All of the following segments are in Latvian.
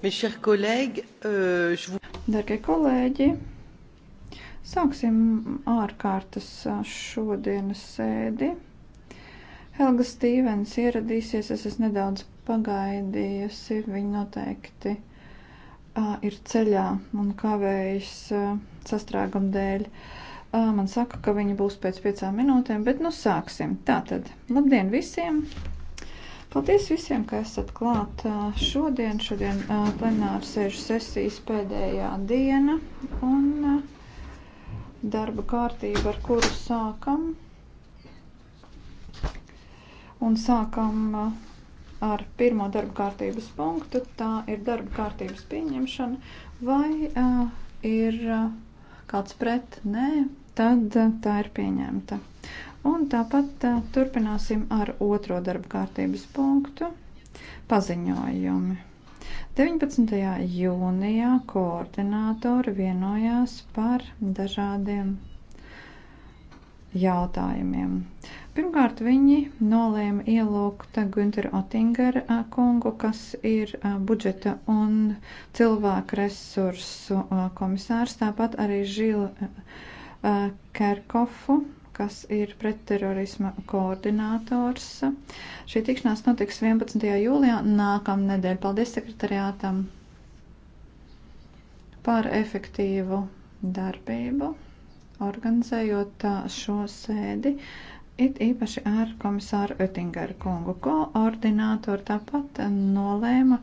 Euh, Darbie kolēģi, sāksim ārkārtas šodienas sēdi. Helga Stīvens ieradīsies, es esmu nedaudz pagaidījusi, viņa noteikti uh, ir ceļā un kavējas uh, sastrēguma dēļ. Uh, man saka, ka viņa būs pēc piecām minūtēm, bet nu sāksim. Tātad, labdien visiem! Paldies visiem, ka esat klāt šodien. Šodien plenāra sēžu sesijas pēdējā diena un darba kārtība, ar kuru sākam. Un sākam ar pirmo darba kārtības punktu. Tā ir darba kārtības pieņemšana. Vai uh, ir uh, kāds pret? Nē, tad uh, tā ir pieņemta. Un tāpat turpināsim ar otro darba kārtības punktu - paziņojumi. 19. jūnijā koordinātori vienojās par dažādiem jautājumiem. Pirmkārt, viņi nolēma ielūgt Günteru Otingeru kungu, kas ir budžeta un cilvēku resursu komisārs, tāpat arī Žilu Kerkofu kas ir pretterorisma koordinators. Šī tikšanās notiks 11. jūlijā nākamnedēļ. Paldies sekretariātam par efektīvu darbību, organizējot uh, šo sēdi, it īpaši ar komisāru Oettingeru kungu. Koordinātori tāpat nolēma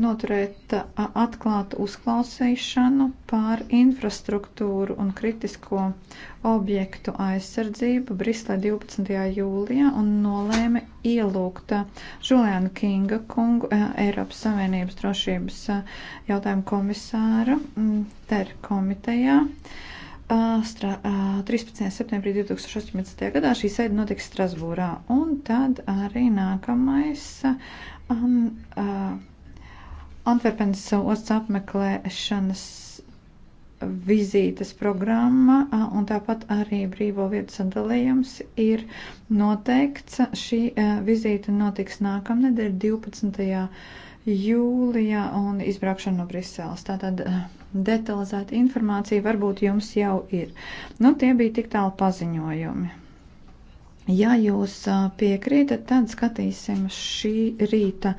noturēt atklātu uzklausīšanu pār infrastruktūru un kritisko objektu aizsardzību Brislē 12. jūlijā un nolēma ielūgt Žulianu Kinga kungu, Eiropas Savienības drošības jautājumu komisāru TER komitejā. 13. septembrī 2018. gadā šī sēde notiks Strasbūrā, un tad arī nākamais um, uh, Antverpenes ostas apmeklēšanas vizītes programma un tāpat arī brīvo vietu sadalījums ir noteikts. Šī vizīte notiks nākamnedēļ 12. jūlijā un izbraukšana no Briseles. Tātad detalizēta informācija varbūt jums jau ir. Nu, tie bija tik tālu paziņojumi. Ja jūs piekrītat, tad skatīsim šī rīta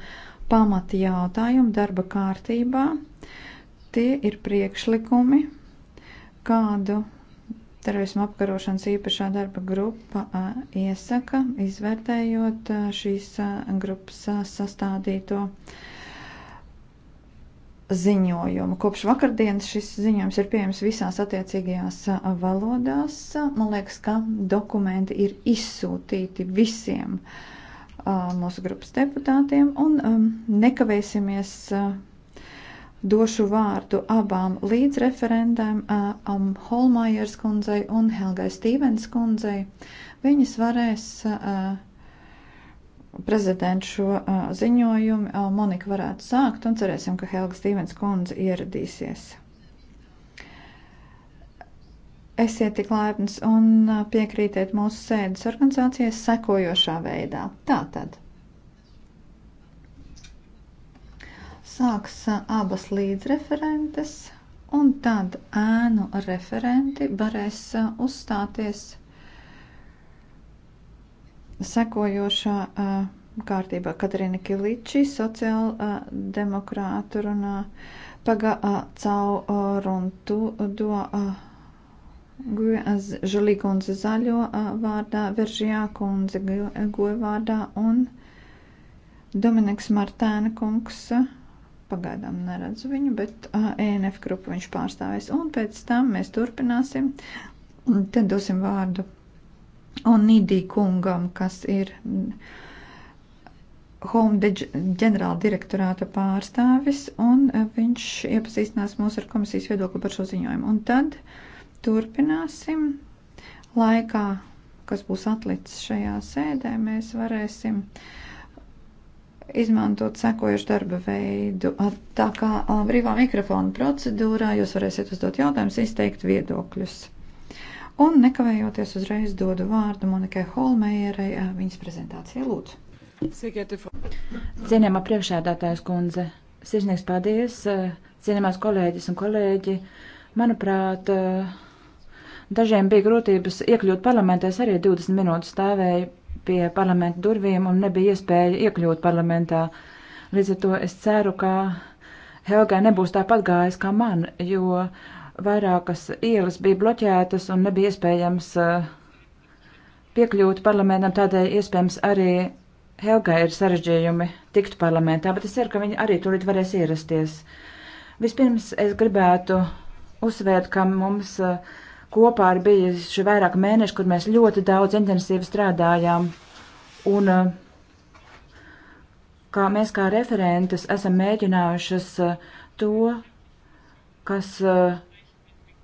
pamati jautājumi darba kārtībā. Tie ir priekšlikumi, kādu terorismu apkarošanas īpašā darba grupa iesaka, izvērtējot šīs grupas sastādīto ziņojumu. Kopš vakardienas šis ziņojums ir pieejams visās attiecīgajās valodās. Man liekas, ka dokumenti ir izsūtīti visiem uh, mūsu grupas deputātiem un nekavēsimies došu vārdu abām līdzreferentēm, um, Holmajers kundzei un Helgai Stīvens kundzei. Viņas varēs uh, prezident šo uh, ziņojumu. Uh, Monika varētu sākt un cerēsim, ka Helga Stīvens kundze ieradīsies. Esiet tik laipns un uh, piekrītiet mūsu sēdes organizācijai sekojošā veidā. Tātad. Sāks uh, abas līdzreferentes, un tad ēnu referenti varēs uh, uzstāties sekojošā uh, kārtībā. Katrina Kiliči, sociāldemokrāta uh, runā, paga uh, cau runtu do. Uh, Žulī kundze zaļo vārdā, Veržijā kundze goja vārdā un Dominiks Martēna kungs. Pagaidām neredzu viņu, bet ENF grupu viņš pārstāvēs. Un pēc tam mēs turpināsim. Tad dosim vārdu Onidī kungam, kas ir. Home ģenerāla direktorāta pārstāvis, un viņš iepazīstinās mūs ar komisijas viedokli par šo ziņojumu. Un tad uh, Turpināsim. Laikā, kas būs atlicis šajā sēdē, mēs varēsim izmantot sekojušu darba veidu. Tā kā brīvā mikrofona procedūrā jūs varēsiet uzdot jautājumus, izteikt viedokļus. Un nekavējoties uzreiz dodu vārdu Monikai Holmeierai viņas prezentācijai lūdzu. Cienījamā priekšēdātājas kundze, sirsnīgs paldies, cienījamās kolēģis un kolēģi, manuprāt, uh, Dažiem bija grūtības iekļūt parlamentā, es arī 20 minūtes stāvēju pie parlamenta durvīm un nebija iespēja iekļūt parlamentā. Līdz ar to es ceru, ka Helgai nebūs tāpat gājis kā man, jo vairākas ielas bija bloķētas un nebija iespējams eh, piekļūt parlamentam, tādēļ iespējams arī Helgai ir sarežģījumi tikt parlamentā, bet es ceru, ka viņi arī tūlīt varēs ierasties. Vispirms es gribētu uzsvērt, ka mums uh, kopā ir bijuši vairāk mēneši, kur mēs ļoti daudz intensīvi strādājām. Un eh, kā mēs kā referentes esam mēģinājušas eh, to, kas eh,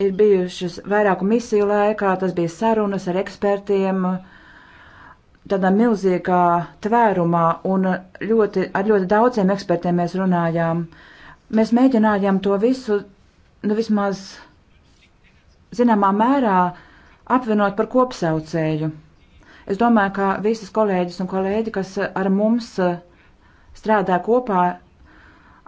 ir bijušas vairāku misiju laikā, tas bija sarunas ar ekspertiem, tādā milzīgā tvērumā un ļoti, ar ļoti daudziem ekspertiem mēs runājām. Mēs mēģinājām to visu, nu vismaz zināmā mērā apvienot par kopsaucēju. Es domāju, ka visas kolēģis un kolēģi, kas ar mums eh, strādā kopā,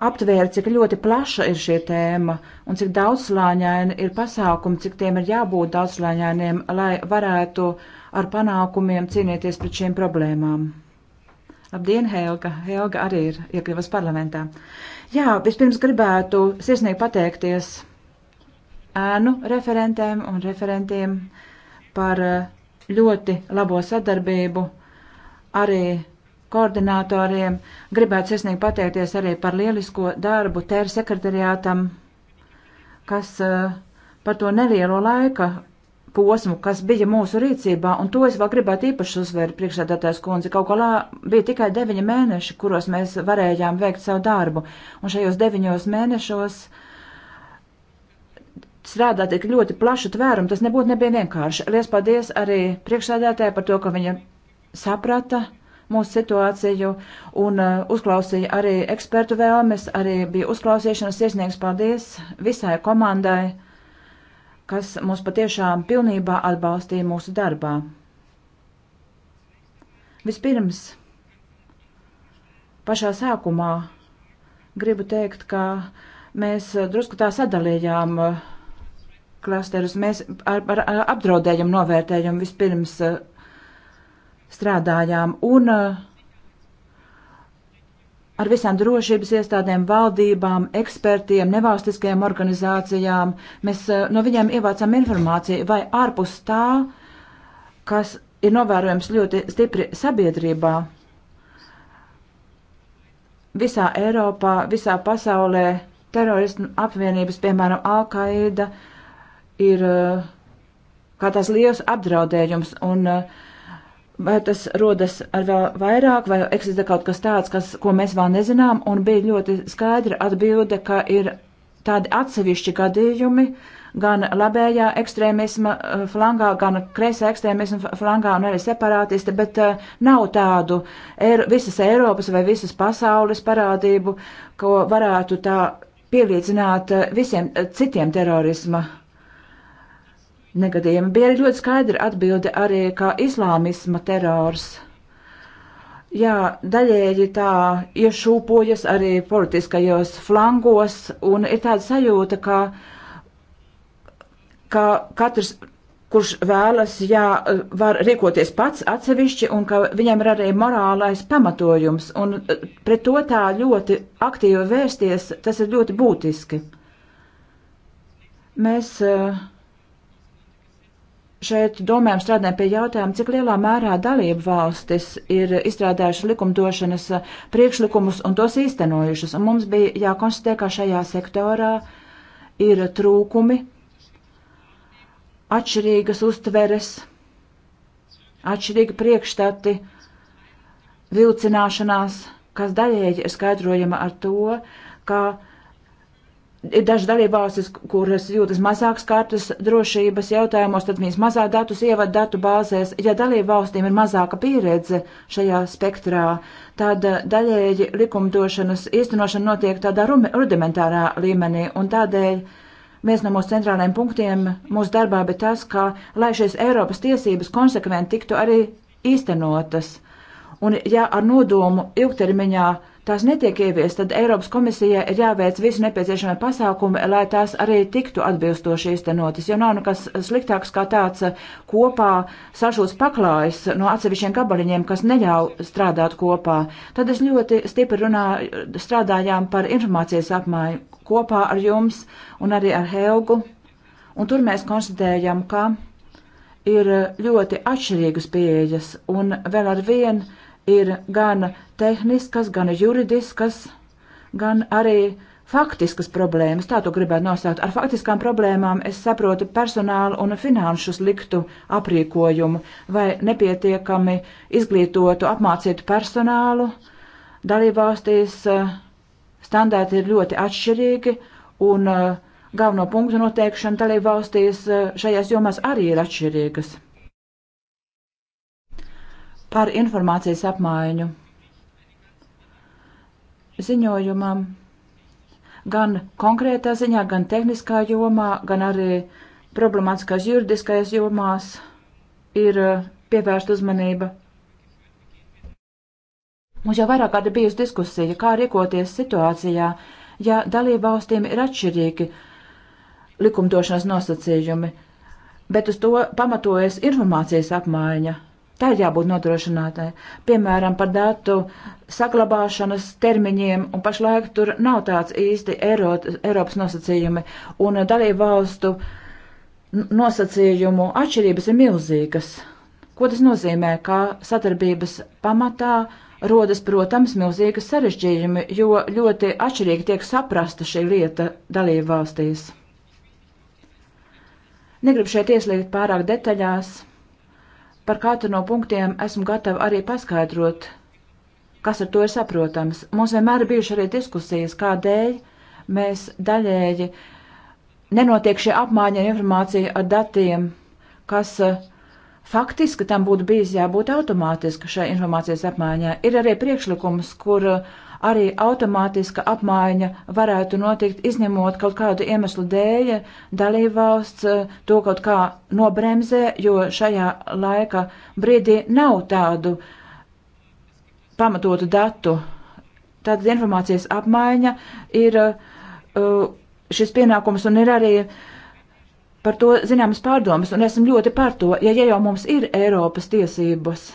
aptvēra, cik ļoti plaša ir šī tēma un cik daudzslāņaini ir pasākumi, cik tiem ir jābūt daudzslāņainiem, lai varētu ar panākumiem cīnīties pret šīm problēmām. Labdien, Helga! Helga arī ir iekļuvas parlamentā. Jā, vispirms gribētu sirsnīgi pateikties ēnu referentēm un referentiem par eh, ļoti labo sadarbību, arī koordinatoriem. Gribētu sirsnīgi pateikties arī par lielisko darbu tēra sekretariātam, kas eh, par to nelielo laika posmu, kas bija mūsu rīcībā, un to es vēl gribētu īpaši uzsvērt priekšsēdētājs kundze. Kaut kā bija tikai deviņi mēneši, kuros mēs varējām veikt savu darbu, un šajos deviņos mēnešos uh, strādā tik ļoti plašu tvērumu, tas nebūtu nebija vienkārši. Lies paldies arī priekšsēdētāji par to, ka viņa saprata mūsu situāciju un uh, uzklausīja arī ekspertu vēlmes, arī bija uzklausīšanas iesniegs paldies visai komandai, kas mūs patiešām pilnībā atbalstīja mūsu darbā. Vispirms, pašā sākumā gribu teikt, ka mēs drusku tā sadalījām uh, klasterus mēs ar, ar, ar apdraudējumu novērtējumu vispirms eh, strādājām un eh, ar visām drošības iestādēm, valdībām, ekspertiem, nevalstiskajām organizācijām. Mēs eh, no viņiem ievācām informāciju, vai ārpus tā, kas ir novērojams ļoti stipri sabiedrībā, visā Eiropā, visā pasaulē, teroristu apvienības, piemēram, Alkaida, uh, ir eh, kā tās liels apdraudējums un eh, vai tas rodas ar vēl vairāk vai eksistē kaut kas tāds, kas, ko mēs vēl nezinām un bija ļoti skaidra atbilde, ka ir tādi atsevišķi gadījumi gan labējā ekstrēmisma eh, flangā, gan kreisā ekstrēmisma flangā un arī separātisti, bet uh, nav tādu Eiro, visas Eiropas vai visas pasaules parādību, ko varētu tā pielīdzināt visiem citiem terorisma negadījumi. Bija arī ļoti skaidra atbilde arī, ka islāmisma terors. Jā, daļēji tā iešūpojas arī politiskajos flangos, un ir tāda sajūta, ka, ka katrs, kurš vēlas, jā, var rīkoties pats atsevišķi, un ka viņam ir arī morālais pamatojums, un e, pret to tā ļoti aktīvi vērsties, tas ir ļoti būtiski. Mēs uh, šeit domājam strādājam pie jautājuma, cik lielā mērā dalību valstis ir izstrādājušas likumdošanas uh, priekšlikumus un tos īstenojušas. Un mums bija jākonstatē, ka šajā sektorā ir trūkumi, atšķirīgas uztveres, atšķirīgi priekšstati, vilcināšanās, kas daļēji ir skaidrojama ar to, ka ir daži dalībvalstis, kuras jūtas mazāk skartas drošības jautājumos, tad viņas mazāk datus ievad datu bāzēs. Ja dalībvalstīm ir mazāka pieredze šajā spektrā, tad daļēji likumdošanas īstenošana notiek tādā rudimentārā līmenī, un tādēļ viens no mūsu centrālajiem punktiem mūsu darbā bija tas, ka, lai šīs Eiropas tiesības konsekventi tiktu arī īstenotas, un ja ar nodomu ilgtermiņā tās netiek ievies, tad Eiropas komisijai ir jāveic visi nepieciešamie pasākumi, lai tās arī tiktu atbilstoši īstenotas, jo nav nekas sliktāks kā tāds uh, kopā sašūts paklājs no atsevišķiem gabaliņiem, kas neļauj strādāt kopā. Tad es ļoti stipri runāju, strādājām par informācijas apmaiņu kopā ar jums un arī ar Helgu, un tur mēs konstatējam, ka ir ļoti atšķirīgas pieejas un vēl ar vienu ir gan tehniskas, gan juridiskas, gan arī faktiskas problēmas, tā to gribētu nosaukt. Ar faktiskām problēmām es saprotu personālu un finanšu sliktu aprīkojumu vai nepietiekami izglītotu, apmācītu personālu. Dalībvalstīs eh, standarti ir ļoti atšķirīgi un eh, galveno punktu noteikšana dalībvalstīs eh, šajās jomās arī ir atšķirīgas par informācijas apmaiņu. Ziņojumam gan konkrētā ziņā, gan tehniskā jomā, gan arī problemātiskās juridiskajās jomās ir uh, pievērsta uzmanība. Mums jau vairāk kāda bijusi diskusija, kā rīkoties situācijā, ja dalībvalstīm ir atšķirīgi likumdošanas nosacījumi, bet uz to pamatojas informācijas apmaiņa Tā ir jābūt nodrošinātai. Piemēram, par datu saglabāšanas termiņiem, un pašlaik tur nav tāds īsti Eiro, Eiropas nosacījumi, un dalību valstu nosacījumu atšķirības ir milzīgas. Ko tas nozīmē? Kā sadarbības pamatā rodas, protams, milzīgas sarežģījumi, jo ļoti atšķirīgi tiek saprasta šī lieta dalību valstīs. Negribu šeit ieslīgt pārāk detaļās Par katru no punktiem esmu gatava arī paskaidrot, kas ar to ir saprotams. Mums vienmēr ir bijuši arī diskusijas, kādēļ mēs daļēji nenotiek šie apmaiņa ar informāciju ar datiem, kas eh, faktiski tam būtu bijis jābūt automātiski šai informācijas apmaiņā. Ir arī priekšlikums, kur uh, arī automātiska apmaiņa varētu notikt, izņemot kaut kādu iemeslu dēļ, dalībvalsts eh, to kaut kā nobremzē, jo šajā laika brīdī nav tādu pamatotu datu. Tātad informācijas apmaiņa ir eh, šis pienākums un ir arī par to zināmas pārdomas, un esam ļoti par to, ja, ja jau mums ir Eiropas tiesības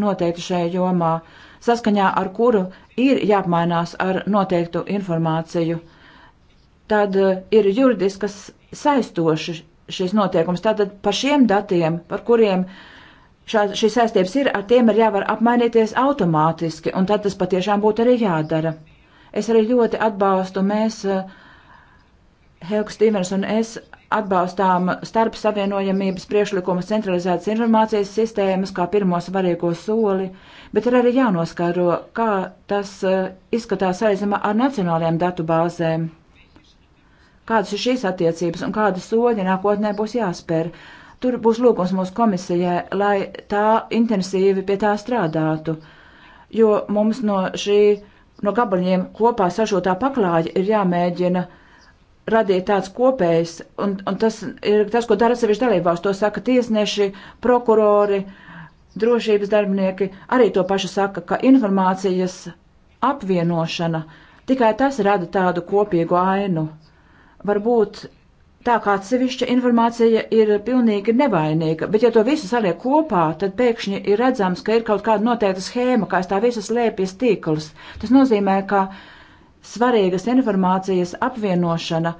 noteikti šajā jomā. Uh, saskaņā ar kuru ir jāapmainās ar noteiktu informāciju, tad eh, ir juridiskas saistoši šis noteikums. Tātad par šiem datiem, par kuriem šā, šīs saistības ir, ar tiem ir jāvar apmainīties automātiski, un tad tas patiešām būtu arī jādara. Es arī ļoti atbalstu, mēs, eh, Helga Stīvens un es, atbalstām starp savienojamības priekšlikumu centralizētas informācijas sistēmas kā pirmo svarīgo soli, bet ir arī jānoskaidro, kā tas eh, izskatās saistībā ar nacionālajām datubāzēm. Kādas ir šīs attiecības un kādi soļi nākotnē būs jāspēr? Tur būs lūgums mūsu komisijai, lai tā intensīvi pie tā strādātu, jo mums no šī, no gabaļiem kopā sašotā paklāja ir jāmēģina uh, radīt tāds kopējs, un, un tas ir tas, ko dara sevišķi dalībvalsts. To saka tiesneši, prokurori, drošības darbinieki. Arī to pašu saka, ka informācijas apvienošana tikai tas rada tādu kopīgu ainu. Varbūt tā kā atsevišķa informācija ir pilnīgi nevainīga, bet ja to visu saliek kopā, tad pēkšņi ir redzams, ka ir kaut kāda noteikta schēma, kā tā visas lēpjas tīkls. Tas nozīmē, ka svarīgas informācijas apvienošana,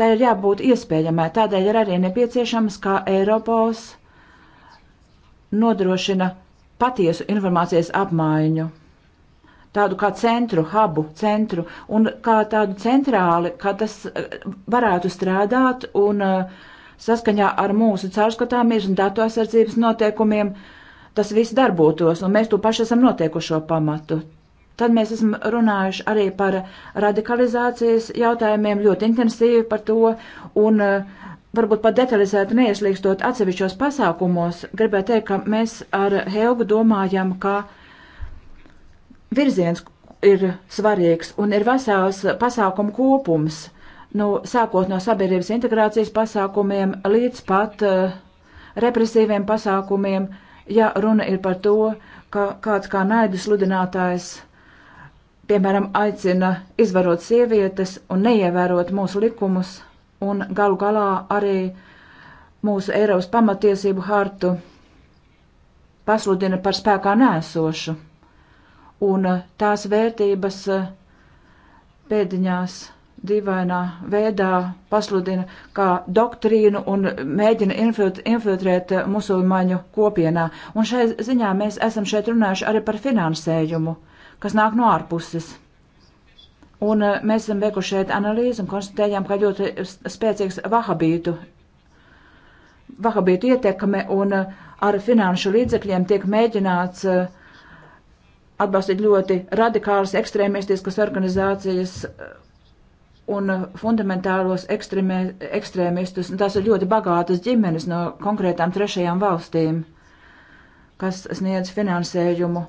tā ir jābūt iespējamai. Tādēļ ir arī nepieciešams, kā Eiropos nodrošina patiesu informācijas apmaiņu tādu kā centru, hubu centru, un kā tādu centrāli, kā tas eh, varētu strādāt un eh, saskaņā ar mūsu caurskatāmies un datu aizsardzības noteikumiem, tas viss darbotos, un mēs to paši esam noteikušo pamatu. Tad mēs esam runājuši arī par radikalizācijas jautājumiem ļoti intensīvi par to un eh, varbūt pat detalizēt neieslīgstot atsevišķos pasākumos. Gribētu teikt, ka mēs ar Helgu domājam, ka virziens ir svarīgs un ir vesels pasākumu kopums, nu, sākot no sabiedrības integrācijas pasākumiem līdz pat uh, represīviem pasākumiem, ja runa ir par to, ka kāds kā naidu sludinātājs piemēram, aicina izvarot sievietes un neievērot mūsu likumus un galu galā arī mūsu Eiropas pamatiesību hartu pasludina par spēkā nēsošu. Un uh, tās vērtības uh, pēdiņās dīvainā veidā pasludina kā doktrīnu un mēģina infiltrēt uh, musulmaņu kopienā. Un šai ziņā mēs esam šeit runājuši arī par finansējumu. Uh, kas nāk no ārpuses. Un eh, mēs esam veikuši šeit analīzi un konstatējām, ka ļoti spēcīgs vahabītu, vahabītu ietekme un eh, ar finanšu līdzekļiem tiek mēģināts eh, atbalstīt ļoti radikālas ekstrēmistiskas organizācijas un fundamentālos ekstremē, ekstrēmistus. Un tās ir ļoti bagātas ģimenes no konkrētām trešajām valstīm, kas sniedz finansējumu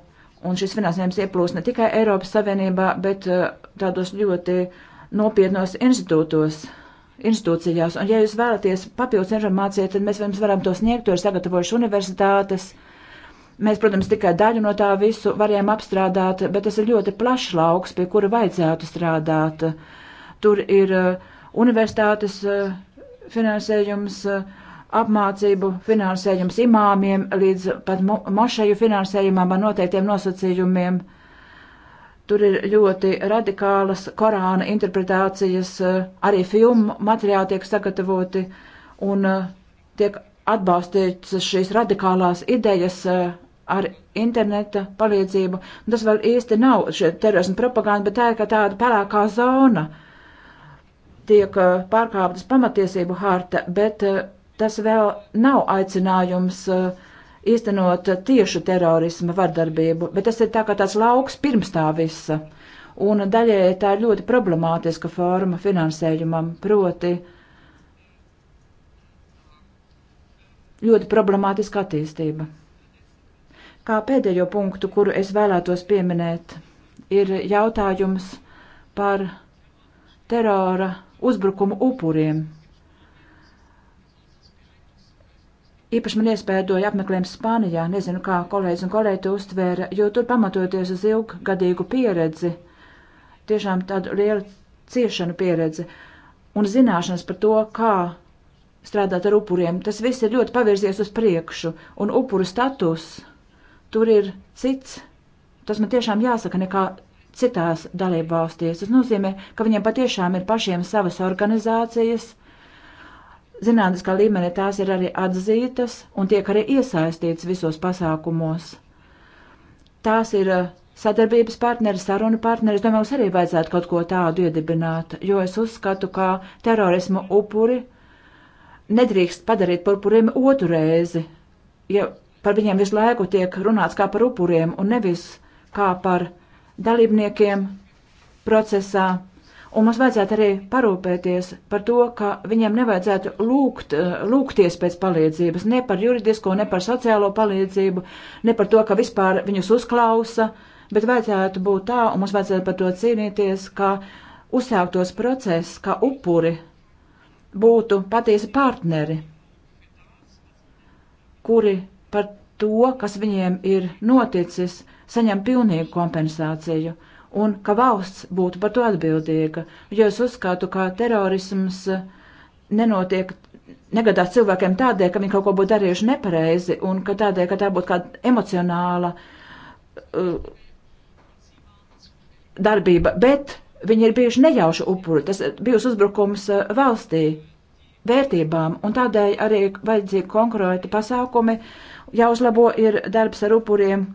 Un šis finansējums ieplūst ne tikai Eiropas Savienībā, bet eh, tādos ļoti nopietnos institūtos, institūcijās. Un, ja jūs vēlaties papildus informāciju, tad mēs jums varam to sniegt, to ir sagatavojuši universitātes. Mēs, protams, tikai daļu no tā visu varējām apstrādāt, bet tas ir ļoti plašs lauks, pie kura vajadzētu strādāt. Tur ir eh, universitātes eh, finansējums, uh, apmācību finansējums imāmiem līdz pat mošeju finansējumam ar noteiktiem nosacījumiem. Tur ir ļoti radikālas Korāna interpretācijas, eh, arī filmu materiāli tiek sagatavoti un eh, tiek atbalstīts šīs radikālās idejas eh, ar interneta palīdzību. Un tas vēl īsti nav terorisma propaganda, bet tā ir kā tāda pelēkā zona. Tiek pārkāptas pamatiesību harta, bet tas vēl nav aicinājums eh, īstenot tiešu terorisma vardarbību, bet tas ir tā kā tāds lauks pirms tā visa. Un daļēji tā ir ļoti problemātiska forma finansējumam, proti ļoti problemātiska attīstība. Kā pēdējo punktu, kuru es vēlētos pieminēt, ir jautājums par terora uzbrukumu upuriem Īpaši man iespēja doja apmeklējums Spānijā, nezinu, kā kolēģis un kolēģi to uztvēra, jo tur pamatoties uz ilggadīgu pieredzi, tiešām tādu lielu ciešanu pieredzi un zināšanas par to, kā strādāt ar upuriem, tas viss ir ļoti pavirzies uz priekšu, un upuru status tur ir cits, tas man tiešām jāsaka, nekā citās dalībvalstīs. Tas nozīmē, ka viņiem patiešām ir pašiem savas organizācijas, Zinātniskā līmenī tās ir arī atzītas un tiek arī iesaistītas visos pasākumos. Tās ir eh, sadarbības partneri, sarunu partneri. Es domāju, mums arī vajadzētu kaut ko tādu iedibināt, jo es uzskatu, ka terorismu upuri nedrīkst padarīt par upuriem otru reizi, ja par viņiem visu laiku tiek runāts kā par upuriem un nevis kā par dalībniekiem procesā, Un mums vajadzētu arī parūpēties par to, ka viņiem nevajadzētu lūgt, eh, lūgties pēc palīdzības, ne par juridisko, ne par sociālo palīdzību, ne par to, ka vispār viņus uzklausa, bet vajadzētu būt tā, un mums vajadzētu par to cīnīties, ka uzsāktos process, ka upuri būtu patiesi partneri, kuri par to, kas viņiem ir noticis, saņem pilnīgu kompensāciju un ka valsts būtu par to atbildīga, jo es uzskatu, ka terorisms eh, nenotiek, negadās cilvēkiem tādēļ, ka viņi kaut ko būtu darījuši nepareizi, un ka tādēļ, ka tā būtu kāda emocionāla uh, darbība, bet viņi ir bijuši nejauši upuri, tas bijusi uzbrukums eh, valstī, vērtībām, un tādēļ arī vajadzīgi konkurēti pasākumi, jāuzlabo ir darbs ar upuriem,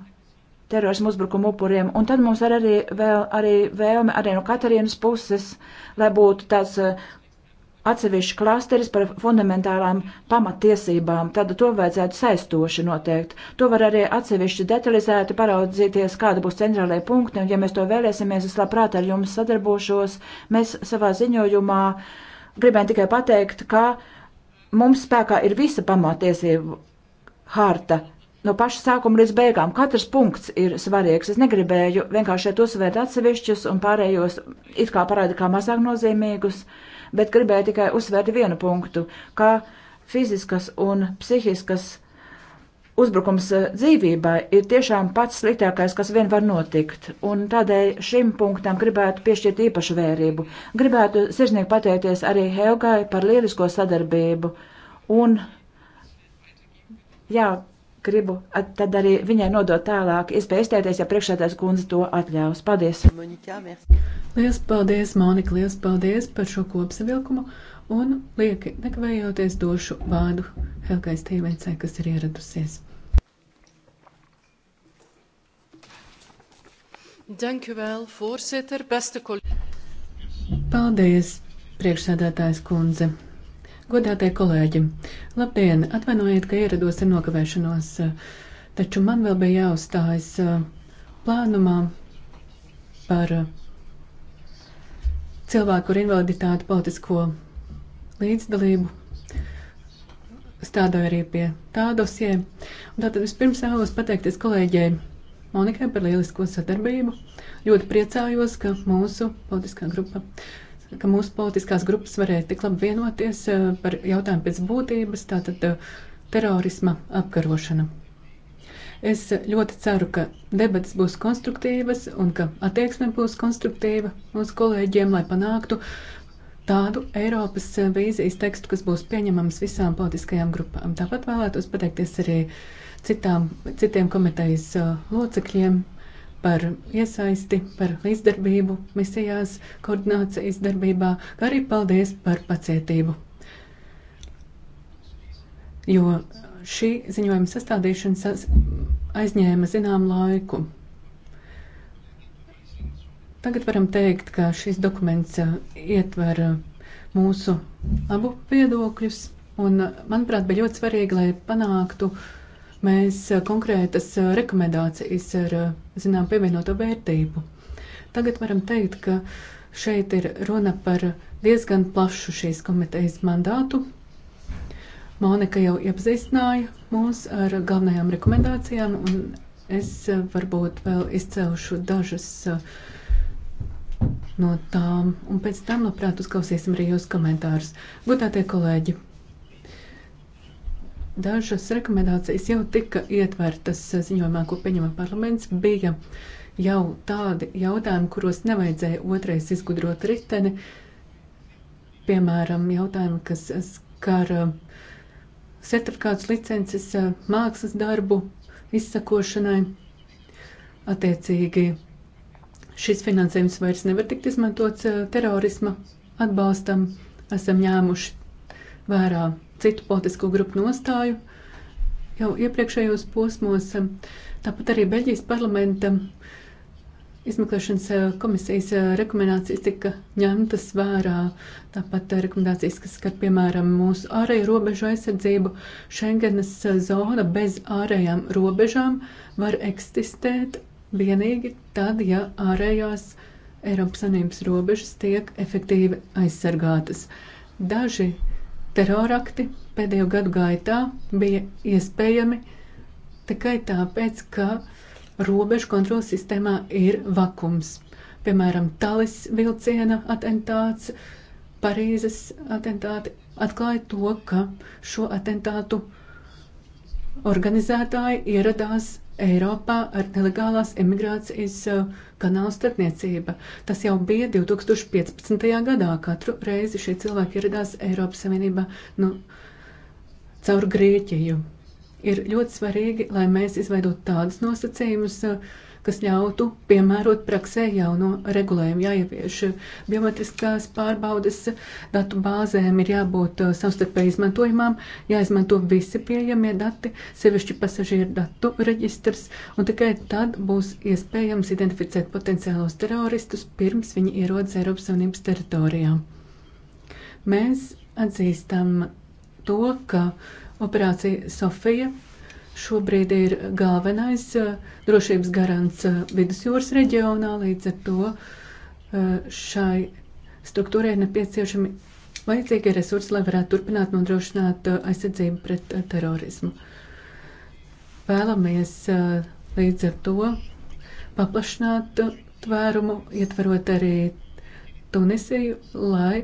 terorismu uzbrukumu upuriem. Un tad mums ir arī, vēl, arī vēlme arī no Katarīnas puses, lai būtu tāds eh, atsevišķi klasteris par fundamentālām pamatiesībām, tad to vajadzētu saistoši noteikt. To var arī atsevišķi detalizēti paraudzīties, kāda būs centrālajie punkti, un ja mēs to vēlēsimies, es labprāt ar jums sadarbošos. Mēs savā ziņojumā gribējām tikai pateikt, ka mums spēkā ir visa pamatiesība harta no paša sākuma līdz beigām. Katrs punkts ir svarīgs. Es negribēju vienkārši šeit uzsvērt atsevišķus un pārējos it kā parādi kā mazāk nozīmīgus, bet gribēju tikai uzsvērt vienu punktu, ka fiziskas un psihiskas uzbrukums eh, dzīvībai ir tiešām pats sliktākais, kas vien var notikt, un tādēļ šim punktam gribētu piešķirt īpašu vērību. Gribētu sirsnīgi pateikties arī Helgai par lielisko sadarbību, un jā, gribu tad arī viņai nodot tālāk iespēju izteikties, ja priekšsēdētājs kundze to atļaus. Paldies! Monika, liels paldies, Monika, liels paldies par šo kopsavilkumu un lieki nekavējoties došu vārdu Helgai Stīvencai, kas ir ieradusies. Dank u wel, voorzitter, beste collega's. Paldies, priekšsēdētājs kundze, Godātie kolēģi, labdien! Atvainojiet, ka ierados ar nokavēšanos, taču man vēl bija jāuzstājas plānumā par cilvēku ar invaliditāti politisko līdzdalību. Stādāju arī pie tā dosie. Tātad vispirms vēlos pateikties kolēģei Monikai par lielisko sadarbību. Ļoti priecājos, ka mūsu politiskā grupa uh, ka mūsu politiskās grupas varēja tik labi vienoties eh, par jautājumu pēc būtības, tātad eh, terorisma apkarošana. Es eh, ļoti ceru, ka debatas būs konstruktīvas un ka attieksme būs konstruktīva mūsu kolēģiem, lai panāktu tādu Eiropas vīzijas tekstu, kas būs pieņemams visām politiskajām grupām. Tāpat vēlētos pateikties arī citām, citiem komitejas locekļiem, par iesaisti, par līdzdarbību misijās, koordinācijas darbībā, kā arī paldies par pacietību. Jo šī ziņojuma sastādīšana aizņēma zinām laiku. Tagad varam teikt, ka šis dokuments uh, ietver uh, mūsu abu viedokļus, un, uh, manuprāt, bija ļoti svarīgi, lai panāktu uh, mēs eh, konkrētas eh, rekomendācijas ar, eh, zinām, pievienoto vērtību. Tagad varam teikt, ka šeit ir runa par diezgan plašu šīs komitejas mandātu. Monika jau iepazīstināja mūs ar galvenajām rekomendācijām, un es varbūt vēl izcelšu dažas no tām, un pēc tam, labprāt, uzklausīsim arī jūsu komentārus. Gudātie kolēģi! Dažas rekomendācijas jau tika ietvertas ziņojumā, ko pieņēma parlaments. Bija jau tādi jautājumi, kuros nevajadzēja otrais izgudrot riteni, piemēram, jautājumi, kas skar uh, certifikātus, licences, uh, mākslas darbu izsakošanai. Attiecīgi šis finansējums vairs nevar tikt izmantots uh, terorisma atbalstam. Esam ņēmuši vērā citu politisko grupu nostāju jau iepriekšējos posmos. Um, tāpat arī Beļģijas parlamenta um, izmeklēšanas uh, komisijas uh, rekomendācijas tika ņemtas vērā. Tāpat uh, rekomendācijas, kas skar piemēram mūsu ārēju robežu aizsardzību, Schengenas zona bez ārējām robežām var eksistēt vienīgi tad, ja ārējās Eiropas Savienības robežas tiek efektīvi aizsargātas. Daži Terorakti pēdējo gadu gaitā bija iespējami tikai tāpēc, ka robežu kontrolas sistēmā ir vakums. Piemēram, Talis vilciena atentāts, Parīzes atentāti atklāja to, ka šo atentātu organizētāji ieradās Eiropā ar nelegālās emigrācijas uh, kanālu starpniecība. Tas jau bija 2015. gadā. Katru reizi šie cilvēki ieradās Eiropas Savienībā nu, caur Grieķiju. Ir ļoti svarīgi, lai mēs izveidot tādus nosacījumus, uh, kas ļautu piemērot praksē jauno regulējumu, jāievieš biometriskās pārbaudes, datu bāzēm ir jābūt uh, savstarpēji izmantojumām, jāizmanto visi pieejamie dati, sevišķi pasažieru datu reģistrs, un tikai tad būs iespējams identificēt potenciālos teroristus, pirms viņi ierodas Eiropas Savienības teritorijā. Mēs atzīstam to, ka operācija Sofija šobrīd ir galvenais eh, drošības garants eh, vidusjūras reģionā, līdz ar to eh, šai struktūrai nepieciešami vajadzīgie resursi, lai varētu turpināt nodrošināt aizsardzību pret terorismu. Vēlamies līdz ar to paplašināt tvērumu, ietverot arī Tunisiju, lai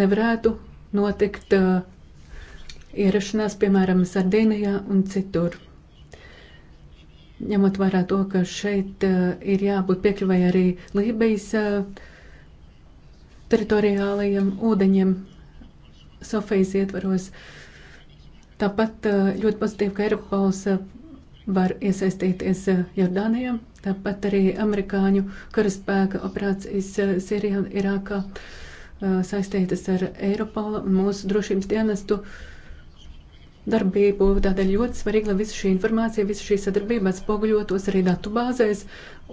nevarētu notikt uh, ierašanās, piemēram, Sardīnijā un citur. Ņemot vērā to, ka šeit uh, ir jābūt piekļuvai arī Lībijas uh, teritoriālajiem ūdeņiem Sofijas ietvaros. Tāpat uh, ļoti pozitīvi, ka Eiropols var iesaistīties Jordānijā, tāpat arī amerikāņu karaspēka operācijas Sīrijā un Irākā saistītas ar Eiropola un mūsu drošības dienestu darbību. Tādēļ ļoti svarīgi, lai visa šī informācija, visa šī sadarbība atspoguļotos arī datu bāzēs,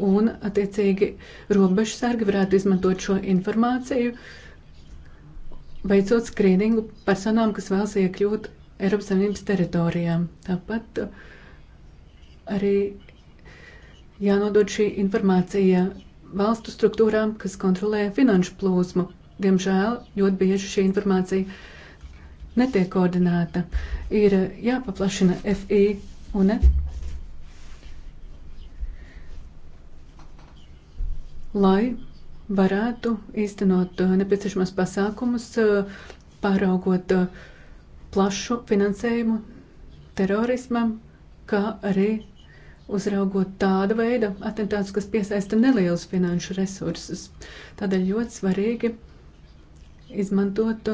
un attiecīgi robežu sargi varētu izmantot šo informāciju, veicot skrīningu personām, kas vēlas iekļūt Eiropas Savienības teritorijām. Tāpat uh, arī jānodod šī informācija valstu struktūrām, kas kontrolē finanšu plūsmu. Diemžēl ļoti bieži šī informācija netiek koordinēta. Ir jāpaplašina FI un F. Lai varētu īstenot uh, nepieciešamos pasākumus, uh, pāraugot uh, plašu finansējumu terorismam, kā arī uzraugot tādu veidu atentātus, kas piesaista nelielus finanšu resursus. Tādēļ ļoti svarīgi izmantot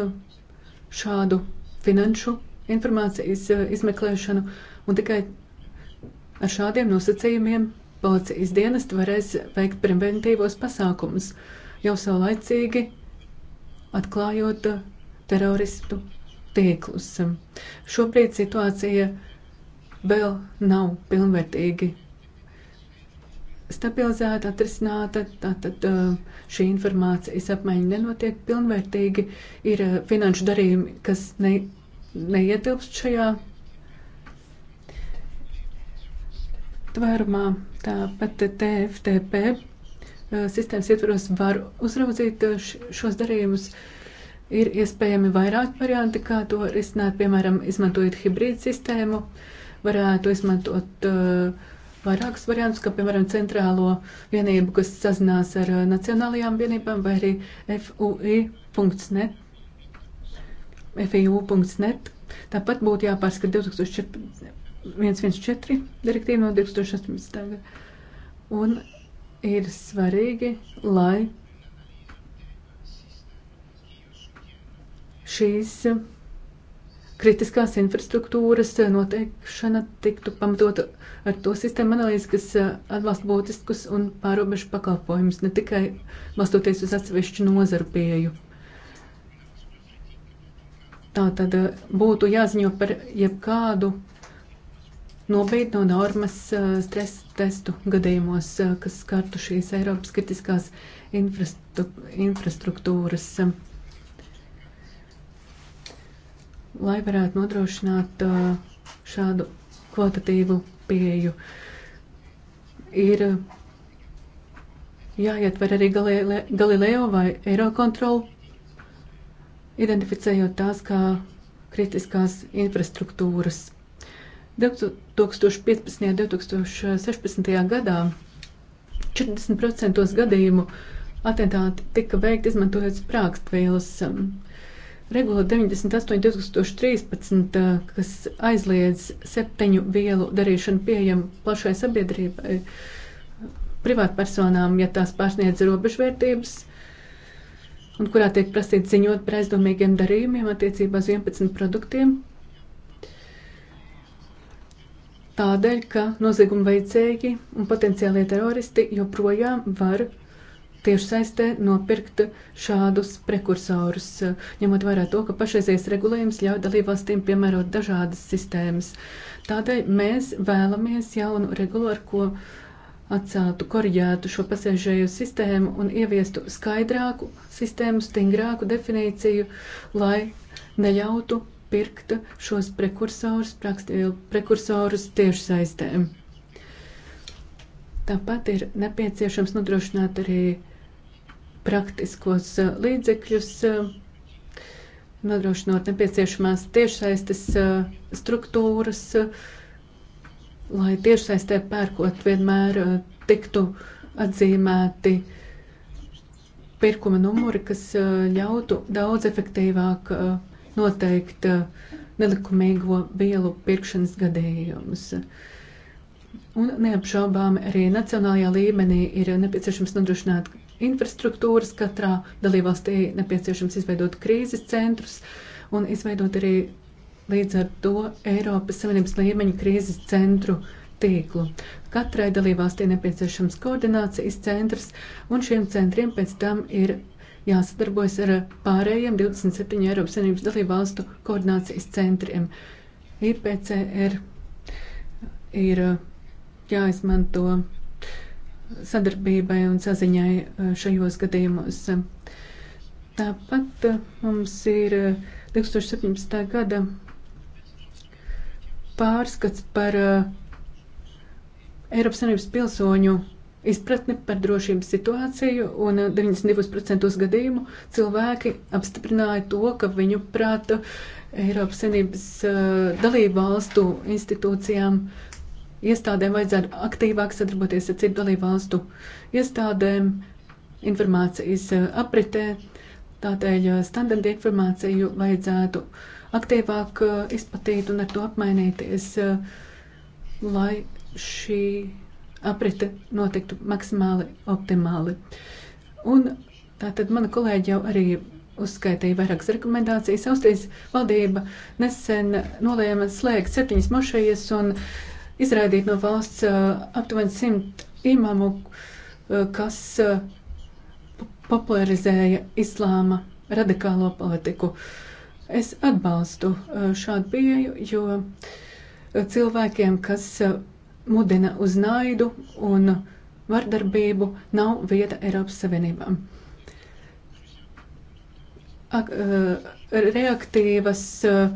šādu finanšu informācijas eh, izmeklēšanu, un tikai ar šādiem nosacījumiem policijas dienesti varēs veikt preventīvos pasākumus, jau saulaicīgi atklājot eh, teroristu tīklus. Šobrīd situācija vēl nav pilnvērtīgi stabilizēta, atrisināta, tātad uh, šī informācijas apmaiņa nenotiek pilnvērtīgi. Ir uh, finanšu darījumi, kas ne, neietilpst šajā tvērumā, tāpat TFTP uh, sistēmas ietvaros var uzraudzīt šos darījumus. Ir iespējami vairāk varianti, kā to risināt, piemēram, izmantojot hibrīdu sistēmu, varētu izmantot uh, vairākus variantus, kā piemēram centrālo vienību, kas sazinās ar uh, nacionālajām vienībām, vai arī FUI.net. FIU.net. Tāpat būtu jāpārskata 2014 direktīva no 2018. gada. Un ir svarīgi, lai šīs kritiskās infrastruktūras noteikšana tiktu pamatota ar to sistēmu analīzi, kas eh, atbalsta būtiskus un pārobežu pakalpojumus, ne tikai balstoties uz atsevišķu nozaru pieju. Tā tad eh, būtu jāziņo par jebkādu nobīdi no normas eh, stresa testu gadījumos, kas skartu šīs Eiropas kritiskās infrastruktūras. infrastruktūras lai varētu nodrošināt uh, šādu kvalitatīvu pieju. Ir uh, jāietver arī Galileo vai Eirokontrolu, identificējot tās kā kritiskās infrastruktūras. 2015. un 2016. gadā 40% gadījumu atentāti tika veikti izmantojot sprāgstvielas. Um, Regula 98.2013, eh, kas aizliedz septiņu vielu darīšanu pieejamu plašai sabiedrībai, privātpersonām, ja tās pārsniedz robežvērtības, un kurā tiek prasīts ziņot par aizdomīgiem darījumiem attiecībā uz 11 produktiem. Tādēļ, ka nozieguma veicēji un potenciālie teroristi joprojām var tiešsaistē nopirkt šādus prekursorus, ņemot vērā to, ka pašreizējais regulējums ļauj dalībvalstīm piemērot dažādas sistēmas. Tādēļ mēs vēlamies jaunu regulu, ar ko atceltu, korģētu šo pasēžēju sistēmu un ieviestu skaidrāku sistēmu, stingrāku definīciju, lai neļautu pirkt šos prekursorus, prekursorus tieši saistēm. Tāpat ir nepieciešams nodrošināt arī praktiskos eh, līdzekļus, eh, nodrošinot nepieciešamās tiešsaistes eh, struktūras, lai tiešsaistē pērkot vienmēr tiktu atzīmēti pirkuma numuri, kas ļautu daudz efektīvāk noteikt nelikumīgo vielu pirkšanas gadījumus. Un neapšaubām arī nacionālajā līmenī ir nepieciešams nodrošināt infrastruktūras katrā dalībvalstī nepieciešams izveidot krīzes centrus un izveidot arī līdz ar to Eiropas Savienības līmeņa krīzes centru tīklu. Katrai dalībvalstī nepieciešams koordinācijas centrs, un šiem centriem pēc tam ir jāsadarbojas ar pārējiem 27 Eiropas Savienības dalībvalstu koordinācijas centriem. IPCR ir jāizmanto sadarbībai un saziņai eh, šajos gadījumos. Tāpat eh, mums ir 2017. Eh, gada pārskats par Eiropas Savienības pilsoņu izpratni par drošības situāciju, un 92% gadījumu cilvēki apstiprināja to, ka viņu prāta Eiropas Savienības dalību valstu institūcijām uh, iestādēm vajadzētu aktīvāk sadarboties ar citu dalību valstu iestādēm, informācijas eh, apritē. Tādēļ eh, standarta informāciju vajadzētu aktīvāk eh, izplatīt un ar to apmainīties, lai šī aprite notiktu maksimāli optimāli. Un tātad mana kolēģi jau arī uzskaitīja vairākas rekomendācijas. Austrijas valdība nesen nolēma slēgt septiņas mošejas un izraidīt no valsts aptuveni simt imamu, kas popularizēja islāma radikālo politiku. Es atbalstu šādu pieeju, jo cilvēkiem, kas mudina uz naidu un vardarbību, nav vieta Eiropas Savienībām. Ak, reaktīvas uh,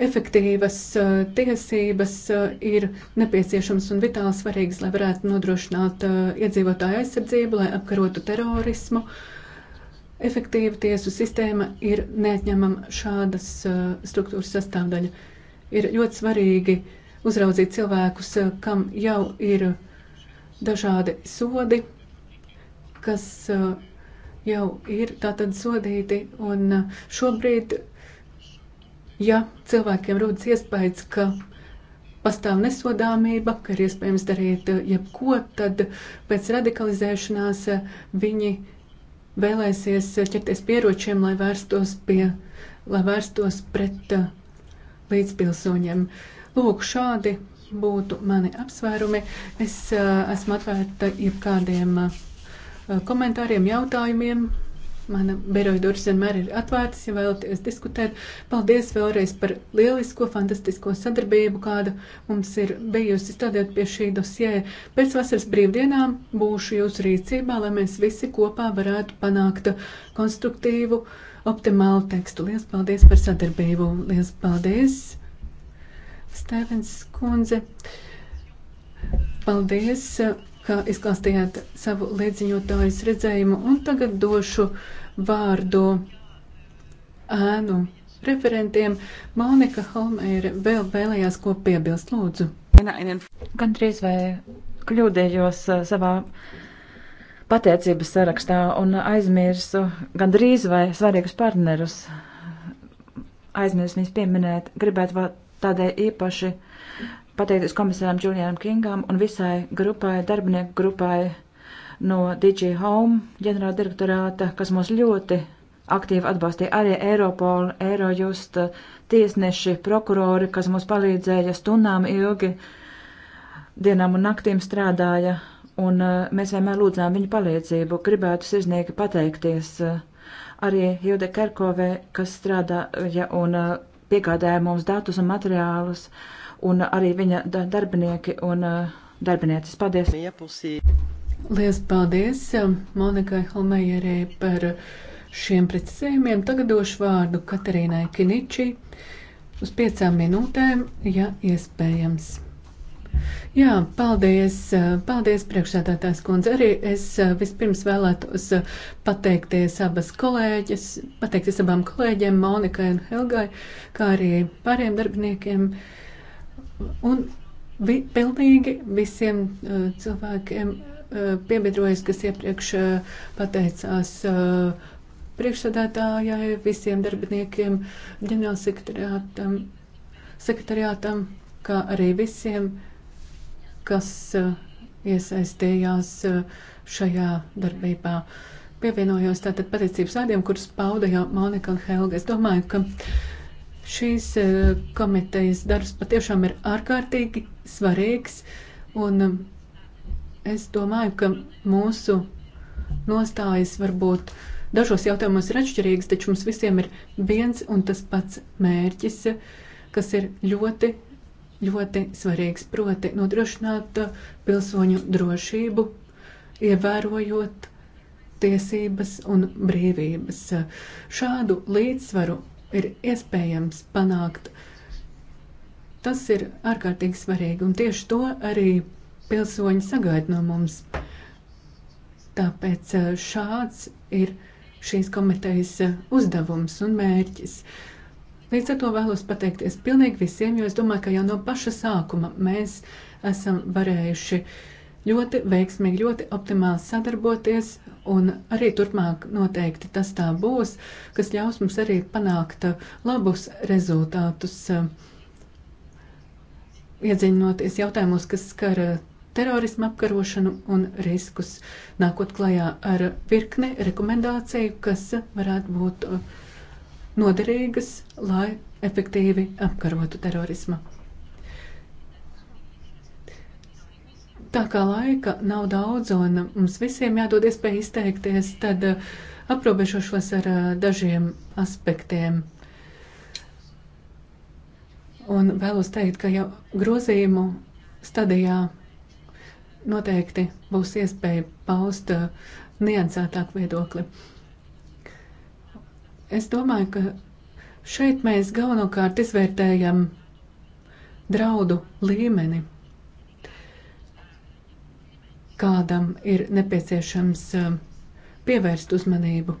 efektīvas eh, tiesības eh, ir nepieciešams un vitāli svarīgas, lai varētu nodrošināt eh, iedzīvotāju aizsardzību, lai apkarotu terorismu. Efektīva tiesu sistēma ir neatņemama šādas struktūras sastāvdaļa. Ir ļoti svarīgi uzraudzīt cilvēkus, kam jau ir dažādi sodi, kas jau ir tātad sodīti, un šobrīd ja cilvēkiem rodas iespējas, ka pastāv nesodāmība, ka ir iespējams darīt eh, jebko, tad pēc radikalizēšanās eh, viņi vēlēsies eh, ķerties pieročiem, lai vērstos, pie, lai vērstos pret līdzpilsoņiem. Lūk, šādi būtu mani apsvērumi. Es esmu atvērta jebkādiem komentāriem, jautājumiem. Mana biroja durvis vienmēr ir atvērtas, ja vēlaties diskutēt. Paldies vēlreiz par lielisko, fantastisko sadarbību, kāda mums ir bijusi strādājot pie šī dosjē. Pēc vasaras brīvdienām būšu jūsu rīcībā, lai mēs visi kopā varētu panākt konstruktīvu, optimālu tekstu. Lielas paldies par sadarbību. Lielas paldies, Stevens Kunze. Paldies, ka izklāstījāt savu līdziņotājus redzējumu, un tagad došu vārdu ēnu referentiem. Monika Holmēra vēl vēlējās ko piebilst, lūdzu. Gan drīz vai kļūdījos eh, savā pateicības sarakstā un aizmirsu gan drīz vai svarīgus partnerus. Aizmirsu viņus pieminēt, gribētu vēl tādēļ īpaši pateikties komisāram Julianam Kingam un visai grupai, darbinieku grupai no DG Home ģenerāla direktorāta, kas mūs ļoti aktīvi atbalstīja arī Eiropola, Eirojust, tiesneši, prokurori, kas mums palīdzēja stundām ilgi, dienām un naktīm strādāja, un uh, mēs vienmēr lūdzām viņu palīdzību. Gribētu sirsnīgi pateikties uh, arī Hilde Kerkove, kas strādāja un uh, piegādāja mums datus un materiālus, un arī viņa darbinieki un darbinieces. Paldies! Lielas paldies um, Monikai Holmejerē par šiem precizējumiem. Tagad došu vārdu Katerīnai Kiniči uz piecām minūtēm, ja iespējams. Jā, paldies, uh, paldies priekšsēdētājs kundze. Arī es uh, vispirms vēlētos uh, pateikties abas kolēģis, pateikties abām kolēģiem, Monikai un Helgai, kā arī pāriem darbiniekiem un vi, pilnīgi visiem cilvēkiem Eh, piebiedrojas, kas iepriekš eh, pateicās eh, priekšsēdētājai, visiem darbiniekiem, ģenerālsekretariātam, sekretariātam, kā arī visiem, kas iesaistījās šajā darbībā. Pievienojos tātad pateicības vārdiem, kurus pauda jau Monika un Helga. Es domāju, ka šīs komitejas darbs patiešām ir ārkārtīgi svarīgs un Es domāju, ka mūsu nostājas varbūt dažos jautājumos ir atšķirīgas, taču mums visiem ir viens un tas pats mērķis, kas ir ļoti, ļoti svarīgs, proti nodrošināt pilsoņu drošību, ievērojot tiesības un brīvības. Šādu līdzsvaru ir iespējams panākt. Tas ir ārkārtīgi svarīgi, un tieši to arī pilsoņi sagaida no mums. Tāpēc eh, šāds ir šīs komitejas eh, uzdevums un mērķis. Līdz ar to vēlos pateikties pilnīgi visiem, jo es domāju, ka jau no paša sākuma mēs esam varējuši ļoti veiksmīgi, ļoti optimāli sadarboties, un arī turpmāk noteikti tas tā būs, kas ļaus mums arī panākt eh, labus rezultātus, iedziņoties jautājumos, kas skar terorismu apkarošanu un riskus, nākot klajā ar virkni rekomendāciju, kas varētu būt uh, noderīgas, lai efektīvi apkarotu terorismu. Tā kā laika nav daudz un mums visiem jādod iespēja izteikties, tad uh, aprobežošos ar uh, dažiem aspektiem. Un vēlos teikt, ka jau grozījumu stadijā noteikti būs iespēja paust uh, niansētāku viedokli. Es domāju, ka šeit mēs galvenokārt izvērtējam draudu līmeni, kādam ir nepieciešams uh, pievērst uzmanību.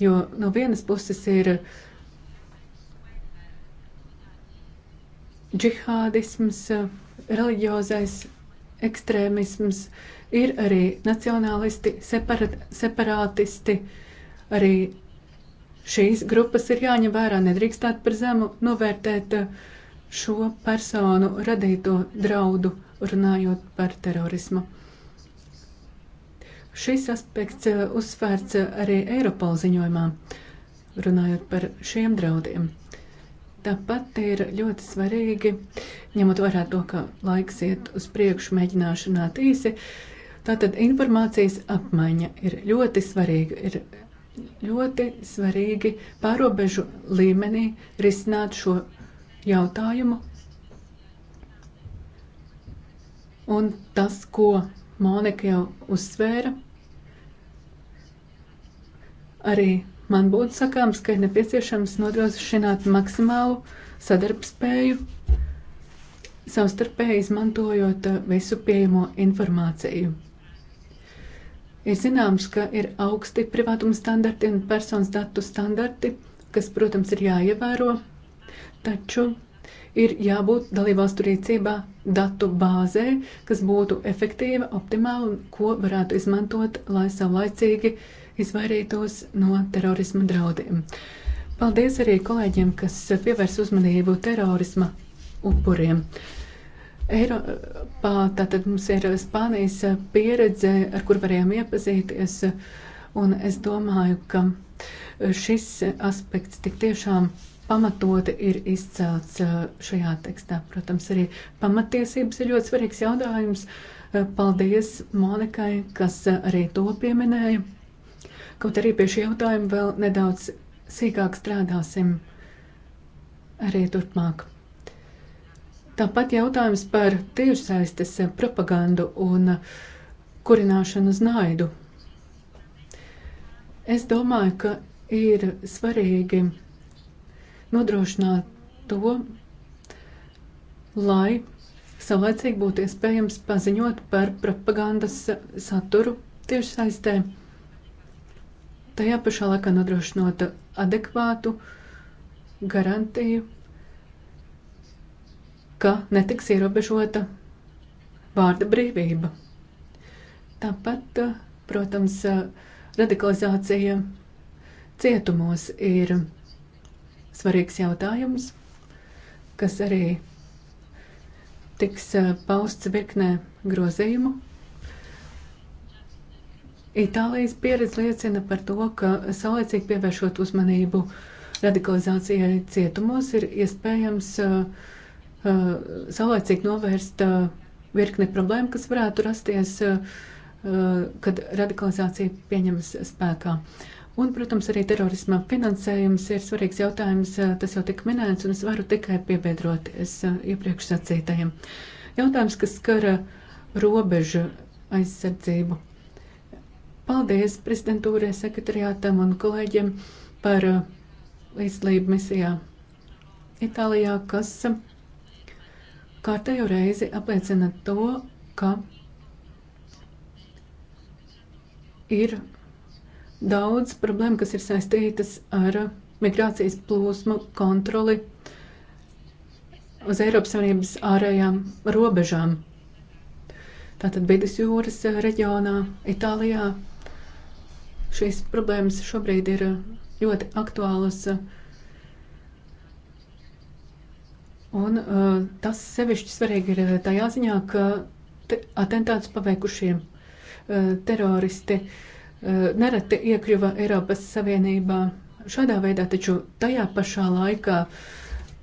Jo no vienas puses ir džihādisms, uh, reliģiozais ekstrēmisms, ir arī nacionālisti, separat, separātisti. Arī šīs grupas ir jāņem vērā, nedrīkstāt par zemu novērtēt uh, šo personu radīto draudu, runājot par terorismu. Šis aspekts uh, uzsvērts uh, arī Eiropola ziņojumā, runājot par šiem draudiem. Tāpat ir ļoti svarīgi, ņemot vērā to, ka laiks iet uz priekšu, mēģināšanā tīsi. Tātad informācijas apmaiņa ir ļoti svarīga. Ir ļoti svarīgi pārobežu līmenī risināt šo jautājumu. Un tas, ko Monika jau uzsvēra, arī man būtu sakāms, ka ir nepieciešams nodrošināt maksimālu sadarbspēju, savstarpēji izmantojot uh, visu pieejamo informāciju. Ir zināms, ka ir augsti privātuma standarti un personas datu standarti, kas, protams, ir jāievēro, taču ir jābūt dalībvalstu rīcībā datu bāzē, kas būtu efektīva, optimāla un ko varētu izmantot, lai savlaicīgi uh, izvairītos no terorisma draudiem. Paldies arī kolēģiem, kas pievērs uzmanību terorisma upuriem. Eiropā tātad mums ir Spānijas pieredze, ar kur varējām iepazīties, un es domāju, ka šis aspekts tik tiešām pamatoti ir izcelts uh, šajā tekstā. Protams, arī pamatiesības ir ļoti svarīgs jautājums. Uh, paldies Monikai, kas uh, arī to pieminēja. Kaut arī pie šī jautājuma vēl nedaudz sīkāk strādāsim arī turpmāk. Tāpat jautājums par tiešsaistes propagandu un kurināšanu uz naidu. Es domāju, ka ir svarīgi nodrošināt to, lai saulēcīgi būtu iespējams paziņot par propagandas saturu tiešsaistē. saistē tajā pašā laikā nodrošinot adekvātu garantiju, ka netiks ierobežota vārda brīvība. Tāpat, protams, radikalizācija cietumos ir svarīgs jautājums, kas arī tiks eh, pausts virknē grozījumu Itālijas pieredze liecina par to, ka saulēcīgi pievēršot uzmanību radikalizācijai cietumos ir iespējams uh, uh, saulēcīgi novērst uh, virkni problēmu, kas varētu rasties, uh, kad radikalizācija pieņemas spēkā. Un, protams, arī terorisma finansējums ir svarīgs jautājums, uh, tas jau tika minēts, un es varu tikai piebiedroties uh, iepriekš sacītajiem. Jautājums, kas skara robežu aizsardzību. Paldies prezidentūrai, sekretariātam un kolēģiem par uh, līdzdalību misijā Itālijā, kas kārtējo reizi apliecina to, ka ir daudz problēmu, kas ir saistītas ar migrācijas plūsmu kontroli uz Eiropas Savienības ārējām robežām. Tātad Vidusjūras uh, reģionā, Itālijā, Šīs problēmas šobrīd ir eh, ļoti aktuālas. Un uh, tas sevišķi svarīgi ir eh, tajā ziņā, ka te, atentātus paveikušie uh, teroristi uh, nereti iekļuva Eiropas Savienībā. Šādā veidā taču tajā pašā laikā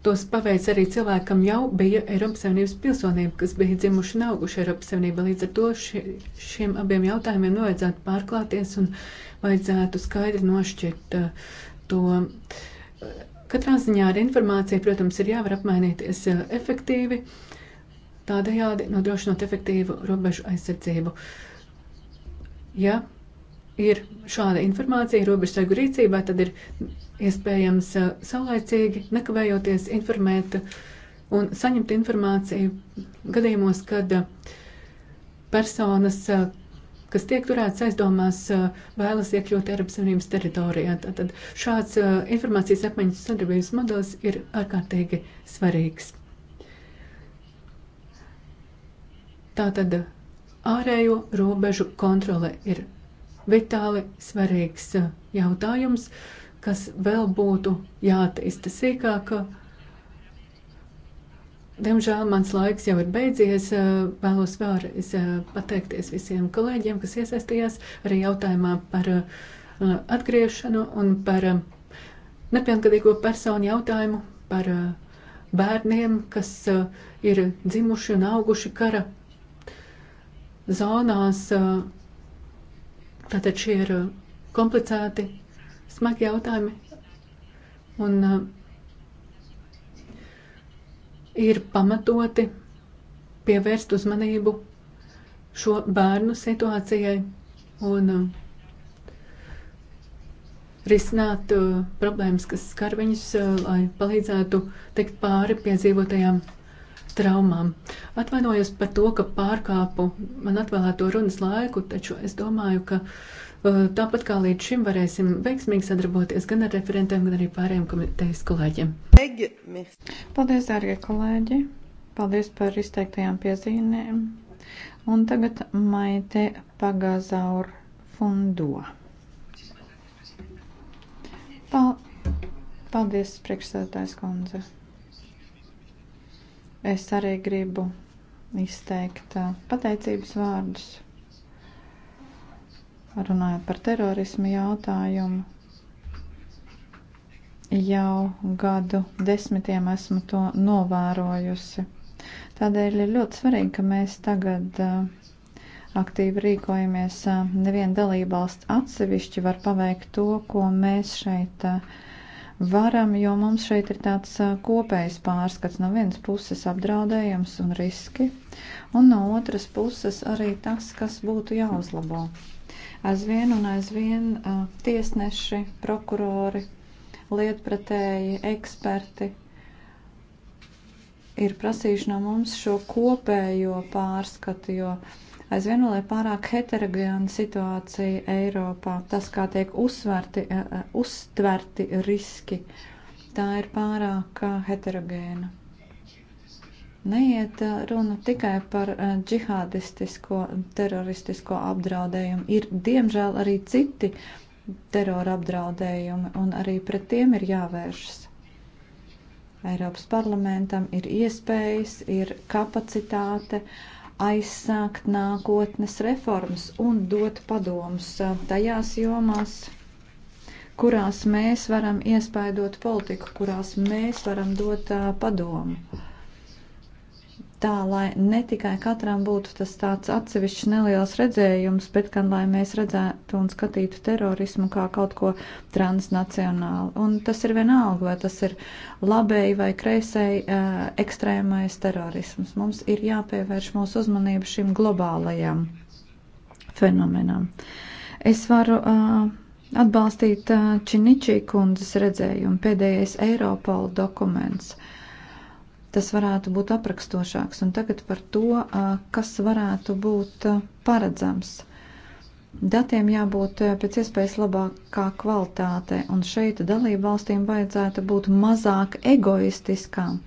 tos paveic arī cilvēkam jau bija Eiropas Savienības pilsonība, kas bija dzimuši un auguši Eiropas Savienībā. Līdz ar to ši, šiem abiem jautājumiem vajadzētu pārklāties un uh, vajadzētu skaidri nošķirt uh, to. Katrā ziņā ar informāciju, protams, ir jāvar apmainīties uh, efektīvi, tādējādi nodrošinot efektīvu robežu aizsardzību. Ja ir šāda informācija robežsargu rīcībā, tad ir iespējams uh, saulēcīgi, nekavējoties informēt un saņemt informāciju gadījumos, kad personas kas tiek turēts aizdomās, vēlas iekļūt Eiropas Savienības teritorijā. Tātad šāds informācijas apmaiņas sadarbības modelis ir ārkārtīgi svarīgs. Tātad ārējo robežu kontrole ir vitāli svarīgs jautājums, kas vēl būtu jātīsta sīkāk Diemžēl mans laiks jau ir beidzies. Eh, vēlos vēlreiz eh, pateikties visiem kolēģiem, kas iesaistījās arī jautājumā par eh, atgriešanu un par nepilngadīgo personu jautājumu, par bērniem, kas ir dzimuši un auguši kara zonās. Tātad šie ir komplicēti, smagi jautājumi. Un, uh, ir pamatoti pievērst uzmanību šo bērnu situācijai un uh, risināt uh, problēmas, kas skar viņus, uh, lai palīdzētu tikt pāri piedzīvotajām traumām. Atvainojos par to, ka pārkāpu man atvēlēto runas laiku, taču es domāju, ka tāpat kā līdz šim varēsim veiksmīgi sadarboties gan ar referentiem, gan arī pārējiem komitejas kolēģiem kolēģi! Paldies, dārgie kolēģi! Paldies par izteiktajām piezīmēm! Un tagad maite pagazaur fundo. Paldies, priekšsēdētājs kundze. Es arī gribu izteikt uh, pateicības vārdus, runājot par terorismu jautājumu jau gadu desmitiem esmu to novērojusi. Tādēļ ir ļoti svarīgi, ka mēs tagad aktīvi rīkojamies. Neviena dalībvalsts atsevišķi var paveikt to, ko mēs šeit varam, jo mums šeit ir tāds kopējs pārskats no vienas puses apdraudējums un riski, un no otras puses arī tas, kas būtu jāuzlabo. Aizvien un aizvien uh, tiesneši, prokurori, lietpratēji, eksperti ir prasījuši no mums šo kopējo pārskatu, jo aizvien vēl ir pārāk heterogēna situācija Eiropā. Tas, kā tiek uzsverti, eh, eh, uztverti riski, tā ir pārāk eh, heterogēna. Neiet runa tikai par džihādistisko, teroristisko apdraudējumu. Ir diemžēl arī citi terora apdraudējumi, un arī pret tiem ir jāvēršas. Eiropas parlamentam ir iespējas, ir kapacitāte aizsākt nākotnes reformas un dot padomus tajās jomās, kurās mēs varam iespaidot politiku, kurās mēs varam dot padomu tā, lai ne tikai katram būtu tas tāds atsevišķs neliels redzējums, bet gan lai mēs redzētu un skatītu terorismu kā kaut ko transnacionālu. Un tas ir vienalga, vai tas ir labēji vai kreisēji ekstrēmais terorisms. Mums ir jāpievērš mūsu uzmanību šim globālajam fenomenam. Es varu uh, atbalstīt uh, Činičī kundzes redzējumu pēdējais Eiropola dokuments. Uh, tas varētu būt aprakstošāks. Un tagad par to, kas varētu būt paredzams. Datiem jābūt pēc iespējas labākā kvalitāte, un šeit dalību valstīm vajadzētu būt mazāk egoistiskām,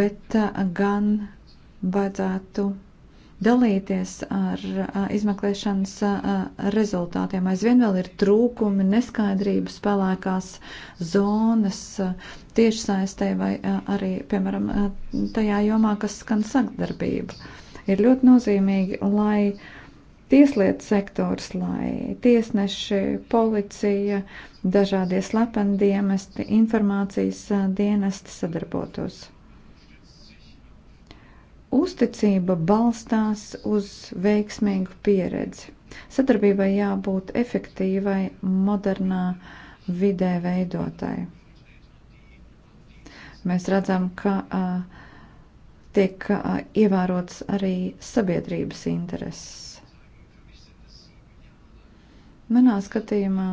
bet gan vajadzētu dalīties ar izmeklēšanas rezultātiem. Aizvien vēl ir trūkumi, neskaidrības, pelēkās zonas tiešsaistē vai arī, piemēram, tajā jomā, kas skan sakdarbību. Ir ļoti nozīmīgi, lai tieslietu sektors, lai tiesneši, policija, dažādie slependienesti, informācijas dienesti sadarbotos uzticība balstās uz veiksmīgu pieredzi. Sadarbībai jābūt efektīvai, modernā vidē veidotai. Mēs redzam, ka uh, tiek uh, ievērots arī sabiedrības intereses. Manā skatījumā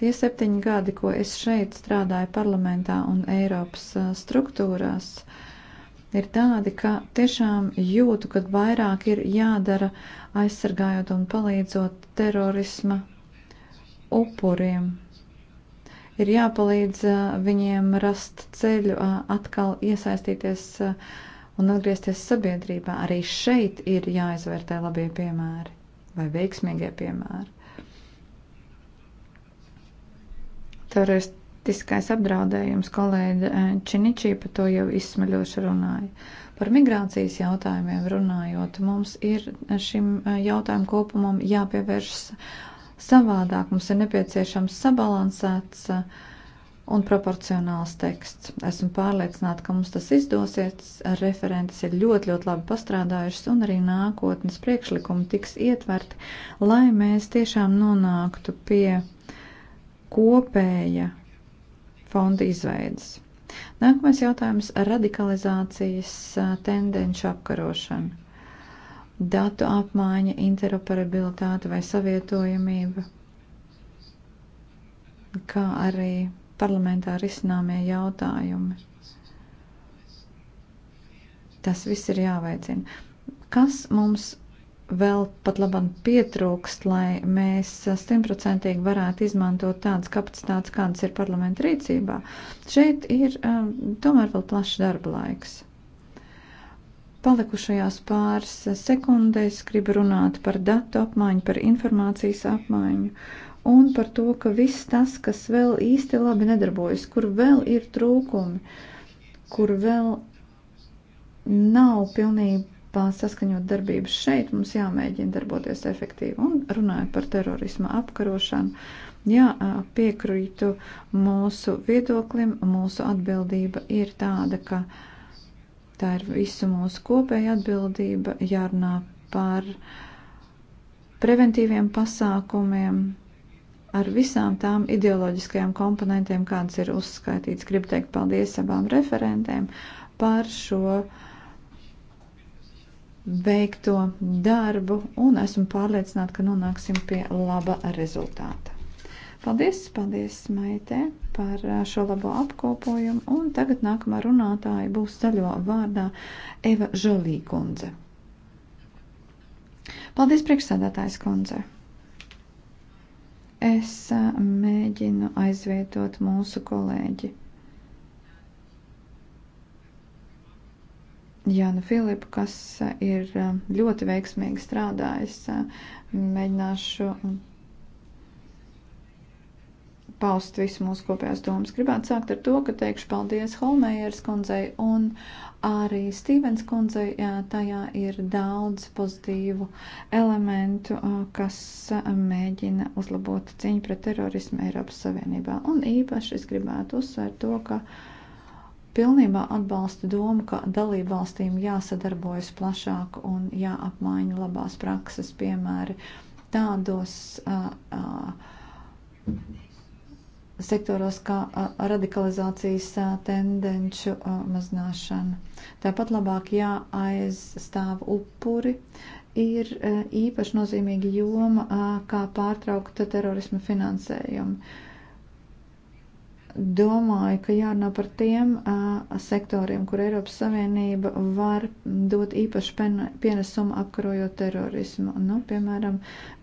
tie septiņi gadi, ko es šeit strādāju parlamentā un Eiropas struktūrās, uh, ir tādi, ka tiešām jūtu, ka vairāk ir jādara aizsargājot un palīdzot terorisma upuriem. Ir jāpalīdz viņiem rast ceļu atkal iesaistīties un atgriezties sabiedrībā. Arī šeit ir jāizvērtē labie piemēri vai veiksmīgie piemēri. Teroristi faktiskais apdraudējums kolēģi eh, Činičī par to jau izsmeļoši runāja. Par migrācijas jautājumiem runājot, mums ir šim eh, jautājumu kopumam jāpievēršas savādāk. Mums ir nepieciešams sabalansēts eh, un proporcionāls teksts. Esmu pārliecināta, ka mums tas izdosies. Referentes ir ļoti, ļoti labi pastrādājušas un arī nākotnes priekšlikumi tiks ietverti, lai mēs tiešām nonāktu pie kopēja fonda izveidas. Nākamais jautājums - radikalizācijas tendenci apkarošana. Datu apmaiņa, interoperabilitāte vai savietojamība, kā arī parlamentā risināmie jautājumi. Tas viss ir jāveicina. Kas mums vēl pat labam pietrūkst, lai mēs simtprocentīgi varētu izmantot tādas kapacitātes, kādas ir parlamenta rīcībā. Šeit ir um, tomēr vēl plašs darba laiks. Palikušajās pāris sekundēs gribu runāt par datu apmaiņu, par informācijas apmaiņu un par to, ka viss tas, kas vēl īsti labi nedarbojas, kur vēl ir trūkumi, kur vēl nav pilnībā saskaņot darbības šeit, mums jāmēģina darboties efektīvi. Un runājot par terorisma apkarošanu, jā, piekrītu mūsu viedoklim, mūsu atbildība ir tāda, ka tā ir visu mūsu kopēja atbildība, jārunā par preventīviem pasākumiem, ar visām tām ideoloģiskajām komponentiem, kādas ir uzskaitīts. Gribu teikt paldies abām referentēm par šo uh, veikto darbu un esmu pārliecināta, ka nonāksim pie laba rezultāta. Paldies, paldies, Maitē, par uh, šo labo apkopojumu, un tagad nākamā runātāja būs zaļo vārdā Eva Žolī kundze. Paldies, priekšsēdētājs kundze. Es uh, mēģinu aizvietot mūsu kolēģi. Jānu Filipu, kas eh, ir eh, ļoti veiksmīgi strādājis. Eh, mēģināšu paust visu mūsu kopējās domas. Gribētu sākt ar to, ka teikšu paldies Holmējers kundzei un arī Stīvens kundzei. Jā, tajā ir daudz pozitīvu elementu, kas mēģina uzlabot cīņu pret terorismu Eiropas Savienībā. Un īpaši es gribētu uzsvērt to, ka. Uh, Pilnībā atbalstu domu, ka dalību valstīm jāsadarbojas plašāk un jāapmaiņa labās prakses piemēri tādos uh, uh, sektoros kā uh, radikalizācijas uh, tendenču uh, mazināšana. Tāpat labāk jāaizstāv upuri, ir uh, īpaši nozīmīga joma, uh, kā pārtraukt terorismu finansējumu. Uh, domāju, ka jārunā par tiem uh, sektoriem, kur Eiropas Savienība var dot īpašu pienesumu apkarojot terorismu. Nu, piemēram,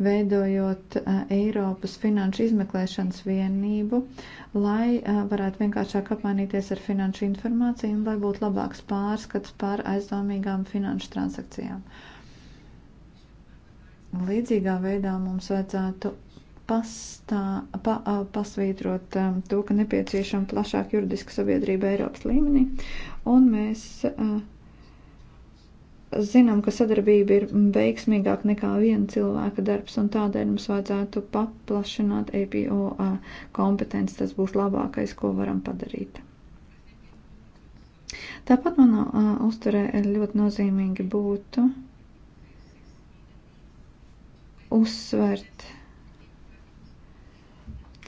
veidojot uh, Eiropas finanšu izmeklēšanas vienību, lai uh, varētu vienkāršāk apmainīties ar finanšu informāciju un lai būtu labāks pārskats par aizdomīgām finanšu transakcijām. Līdzīgā veidā mums vajadzētu pastā, pa, pasvītrot to, ka nepieciešama plašāka juridiska sabiedrība Eiropas līmenī, un mēs zinām, ka sadarbība ir veiksmīgāka nekā viena cilvēka darbs, un tādēļ mums vajadzētu paplašināt e APO kompetenci. Tas būs labākais, ko varam padarīt. Tāpat manā uh, uzturē ļoti nozīmīgi būtu uzsvērt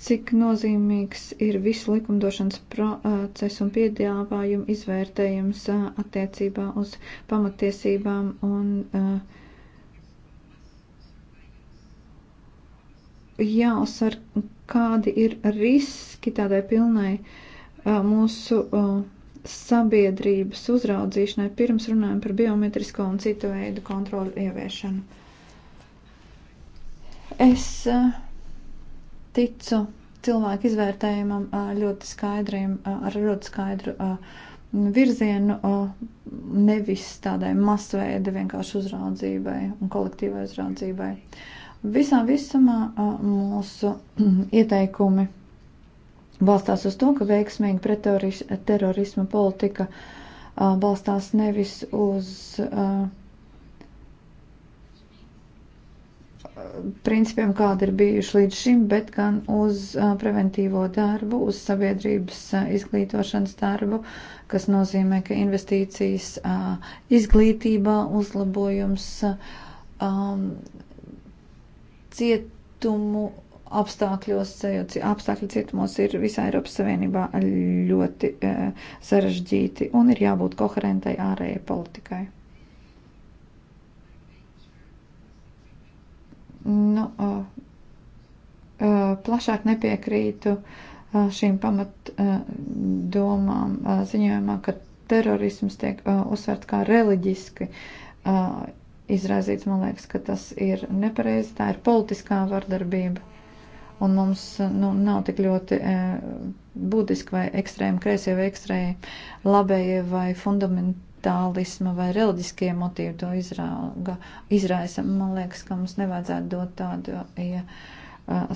cik nozīmīgs ir visu likumdošanas procesu un piedāvājumu izvērtējums uh, attiecībā uz pamatiesībām un uh, jāuzsver, kādi ir riski tādai pilnai uh, mūsu sabiedrības uzraudzīšanai pirms runājam par biometrisko un citu veidu kontroli ieviešanu. Es ticu cilvēku izvērtējumam ļoti skaidriem, ar ļoti skaidru virzienu, nevis tādai masveida vienkārši uzraudzībai un kolektīvai uzraudzībai. Visā visumā mūsu ieteikumi balstās uz to, ka veiksmīga terorisma politika balstās nevis uz uh, principiem, kāda ir bijuši līdz šim, bet gan uz preventīvo darbu, uz sabiedrības izglītošanas darbu, kas nozīmē, ka investīcijas izglītībā uzlabojums cietumu apstākļos, apstākļi cietumos ir visā Eiropas Savienībā ļoti sarežģīti un ir jābūt koherentai ārējai politikai. nu, eh, eh, plašāk nepiekrītu eh, šīm pamatdomām ziņojumā, ka terorisms tiek uzsvert kā reliģiski izrazīts. Man liekas, ka tas ir nepareizi, tā ir politiskā vardarbība. Un mums nu, nav tik ļoti e, būtiski vai ekstrēmi kreisie vai ekstrēmi labējie vai fundament, kapitālisma vai reliģiskie motīvi to izrāga, izraisa. Man liekas, ka mums nevajadzētu dot tādu ja,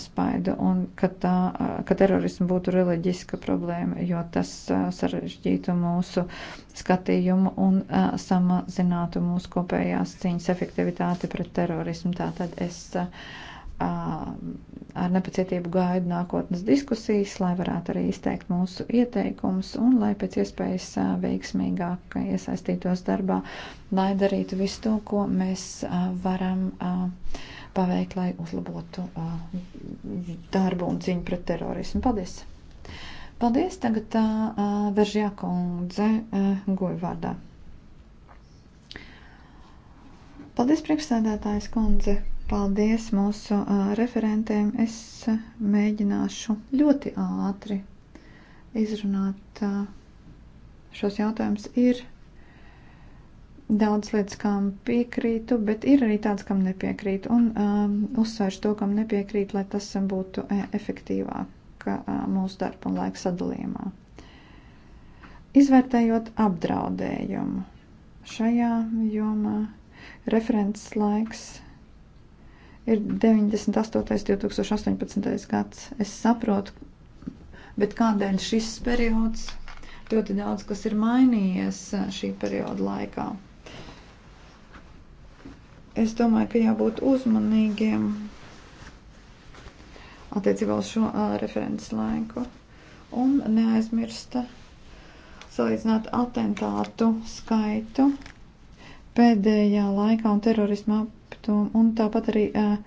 spaidu un ka, tā, ka terorismu būtu reliģiska problēma, jo tas sarežģītu mūsu skatījumu un samazinātu mūsu kopējās cīņas efektivitāti pret terorismu. Tātad es. Uh, ar nepacietību gaidu nākotnes diskusijas, lai varētu arī izteikt mūsu ieteikumus un lai pēc iespējas veiksmīgāk iesaistītos darbā, lai darītu visu to, ko mēs varam paveikt, lai uzlabotu darbu un cīņu pret terorismu. Paldies! Paldies tagad Veržjā kundze goju vārdā. Paldies, priekšsēdētājs kundze! Paldies mūsu referentēm. Es mēģināšu ļoti ātri izrunāt šos jautājumus. Ir daudz lietas, kam piekrītu, bet ir arī tāds, kam nepiekrītu. Un um, uzsvēršu to, kam nepiekrītu, lai tas būtu efektīvāk mūsu darba un laika sadalījumā. Izvērtējot apdraudējumu šajā jomā, referents laiks ir 98. 2018. gads. Es saprotu, bet kādēļ šis periods ļoti daudz kas ir mainījies šī perioda laikā. Es domāju, ka jābūt uzmanīgiem attiecībā uz šo uh, referents laiku un neaizmirst salīdzināt atentātu skaitu pēdējā laikā un terorisma atkritumi un tāpat arī uh,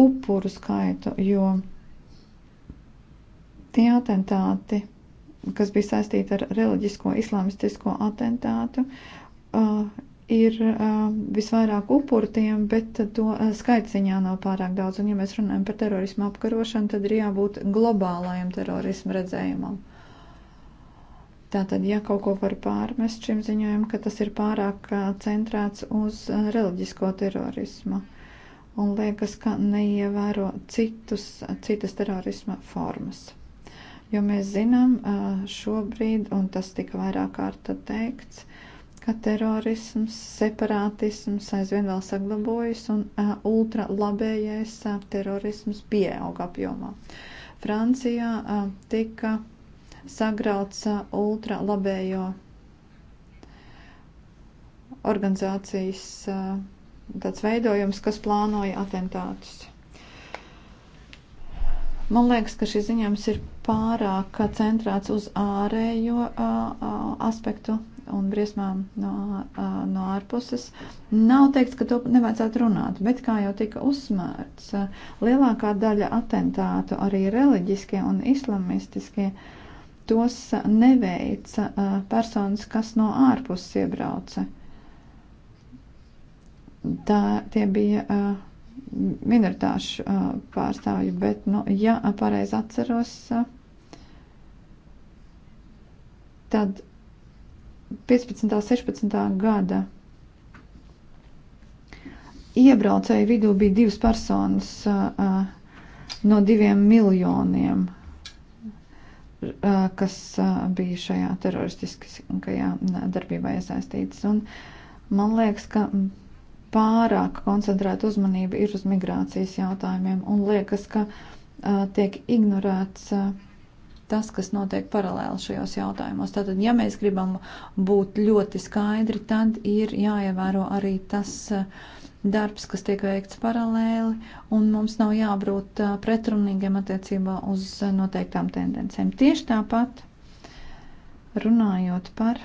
upuru skaitu, jo tie atentāti, kas bija saistīti ar reliģisko islamistisko atentātu, uh, ir uh, visvairāk upuru tiem, bet to uh, skaitziņā nav pārāk daudz. Un ja mēs runājam par terorismu apkarošanu, tad ir jābūt globālajam terorismu redzējumam. Uh, Tātad, ja kaut ko var pārmest šim ziņojumam, ka tas ir pārāk centrēts uz reliģisko terorismu un liekas, ka neievēro citus, citas terorisma formas. Jo mēs zinām šobrīd, un tas tika vairāk kārta teikts, ka terorisms, separātisms aizvien vēl saglabojas un ultralabējais terorisms pieauga apjomā. Francijā tika sagrauts ultralabējo organizācijas tāds veidojums, kas plānoja atentātus. Man liekas, ka šis ziņojums ir pārāk centrēts uz ārējo a, a, aspektu un briesmām no, a, no ārpuses. Nav teikt, ka to nevajadzētu runāt, bet kā jau tika uzsmērts, a, lielākā daļa atentātu, arī reliģiskie un islamistiskie, a, tos neveica personas, kas no ārpuses iebrauca. Tā, tie bija minoritāšu pārstāvji, bet, nu, ja pareizi atceros, tad 15. un 16. gada iebraucēju vidū bija divas personas no diviem miljoniem kas bija šajā teroristiskajā darbībā iesaistītas. Un man liekas, ka pārāk koncentrēta uzmanība ir uz migrācijas jautājumiem un liekas, ka tiek ignorēts tas, kas notiek paralēli šajos jautājumos. Tātad, ja mēs gribam būt ļoti skaidri, tad ir jāievēro arī tas eh, darbs, kas tiek veikts paralēli, un mums nav jābūt eh, pretrunīgiem attiecībā uz eh, noteiktām tendencēm. Tieši tāpat runājot par.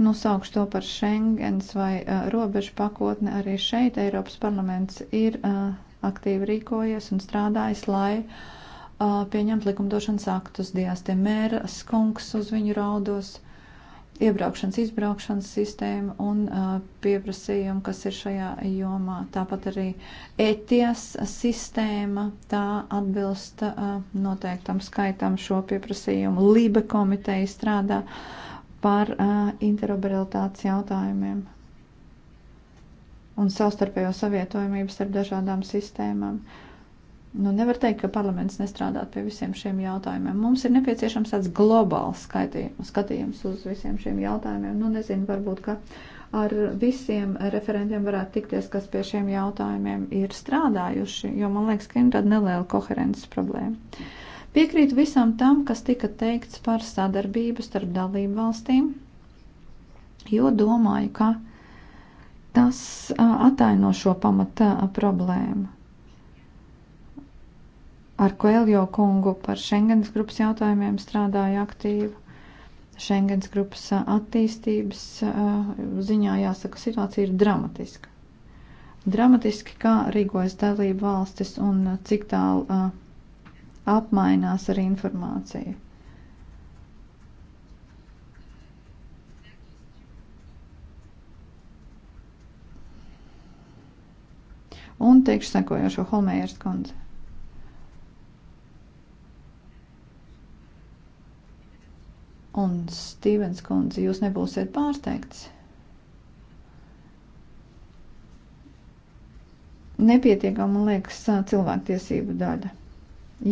Nosaukšu nu, to par Schengens vai uh, robežu pakotni. Arī šeit Eiropas parlaments ir uh, aktīvi rīkojies un strādājis, lai uh, pieņemt likumdošanas aktus. Dījās tie mēra skunks uz viņu raudos, iebraukšanas, izbraukšanas sistēma un pieprasījumi, kas ir šajā jomā. Tāpat arī ETIAS sistēma, tā atbilst noteiktam skaitam šo pieprasījumu. Libe komiteja strādā par interoperabilitātes jautājumiem un savstarpējo savietojamību starp dažādām sistēmām. Uh, Nu, nevar teikt, ka parlaments nestrādāt pie visiem šiem jautājumiem. Mums ir nepieciešams tāds globāls skatījums uz visiem šiem jautājumiem. Nu, nezinu, varbūt, ka ar visiem referentiem varētu tikties, kas pie šiem jautājumiem ir strādājuši, jo man liekas, ka ir tāda neliela koherences problēma. Piekrītu visam tam, kas tika teikts par sadarbību starp dalību valstīm, jo domāju, ka tas ataino šo pamata problēmu ar Koeljo kungu par Schengens grupas jautājumiem strādāju aktīvi. Schengens grupas attīstības ziņā jāsaka, situācija ir dramatiska. Dramatiski, kā rīkojas dalību valstis un cik tālu apmainās ar informāciju. Un teikšu sekojošo Holmējas kundzi. Un, Stīvens kundze, jūs nebūsiet pārsteigts. Nepietiekama, liekas, cilvēktiesību daļa.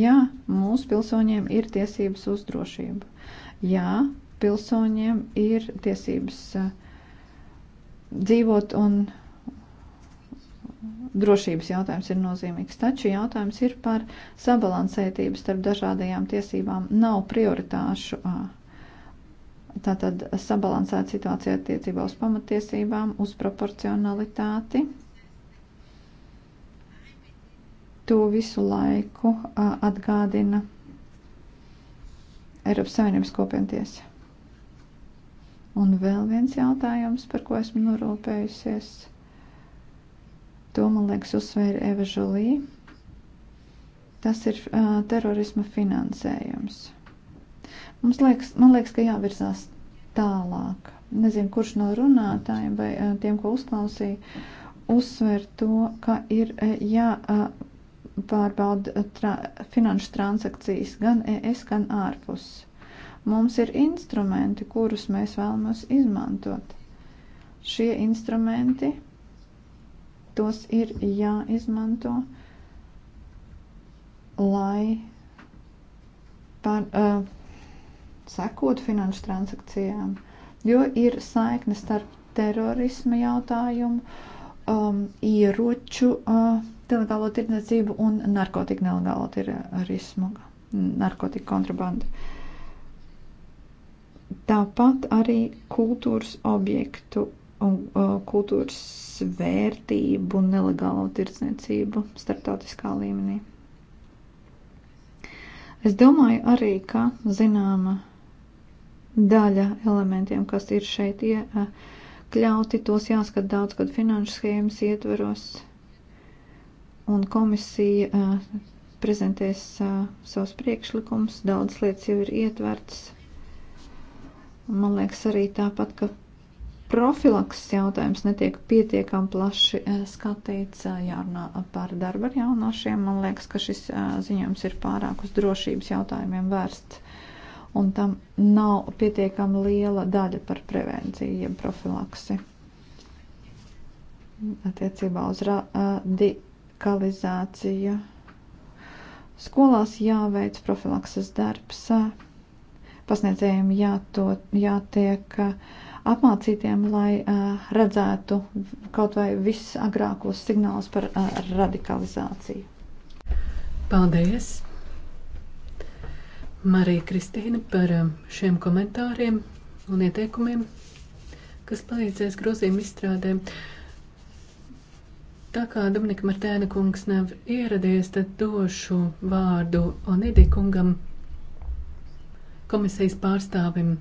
Jā, mūsu pilsoņiem ir tiesības uz drošību. Jā, pilsoņiem ir tiesības dzīvot un drošības jautājums ir nozīmīgs, taču jautājums ir par sabalansētību starp dažādajām tiesībām. Nav prioritāšu. Uh, tātad sabalansēt situāciju attiecībā uz pamatiesībām, uz proporcionalitāti. To visu laiku atgādina Eiropas Savienības kopientiesa. Un vēl viens jautājums, par ko esmu norūpējusies. To, man liekas, uzsvēra Eva Žolī. Tas ir uh, terorisma finansējums. Mums liekas, man liekas, ka jāvirzās tālāk. Nezinu, kurš no runātājiem vai eh, tiem, ko uzklausīja, uzsver to, ka ir eh, jāpārbauda eh, tra finanšu transakcijas gan ES, gan ārpus. Mums ir instrumenti, kurus mēs vēlamies izmantot. Šie instrumenti, tos ir jāizmanto, lai par, uh, sekot finanšu transakcijām, jo ir saikne starp terorisma jautājumu, um, ieroču uh, nelegālo tirdzniecību un narkotiku nelegālo terorismu, narkotiku kontrabandu. Tāpat arī kultūras objektu un uh, kultūras vērtību un nelegālo tirdzniecību starptautiskā līmenī. Es domāju arī, ka zināma daļa elementiem, kas ir šeit iekļauti, tos jāskat daudz, kad finanšu schēmas ietveros. Un komisija uh, prezentēs uh, savus priekšlikumus, daudz lietas jau ir ietverts. Man liekas arī tāpat, ka profilakses jautājums netiek pietiekami plaši skatīts, jārunā par darba ar jaunošiem. Man liekas, ka šis ziņojums ir pārāk uz drošības jautājumiem vērsts un tam nav pietiekami liela daļa par prevenciju, jeb profilaksi. Attiecībā uz radikalizāciju. Skolās jāveic profilakses darbs, pasniedzējiem jāto, jātiek apmācītiem, lai redzētu kaut vai visagrākos signālus par radikalizāciju. Paldies! Marija Kristīne par um, šiem komentāriem un ieteikumiem, kas palīdzēs grozījuma izstrādēm. Tā kā Dominika Martēna kungs nav ieradies, tad došu vārdu Onidī kungam, komisijas pārstāvim,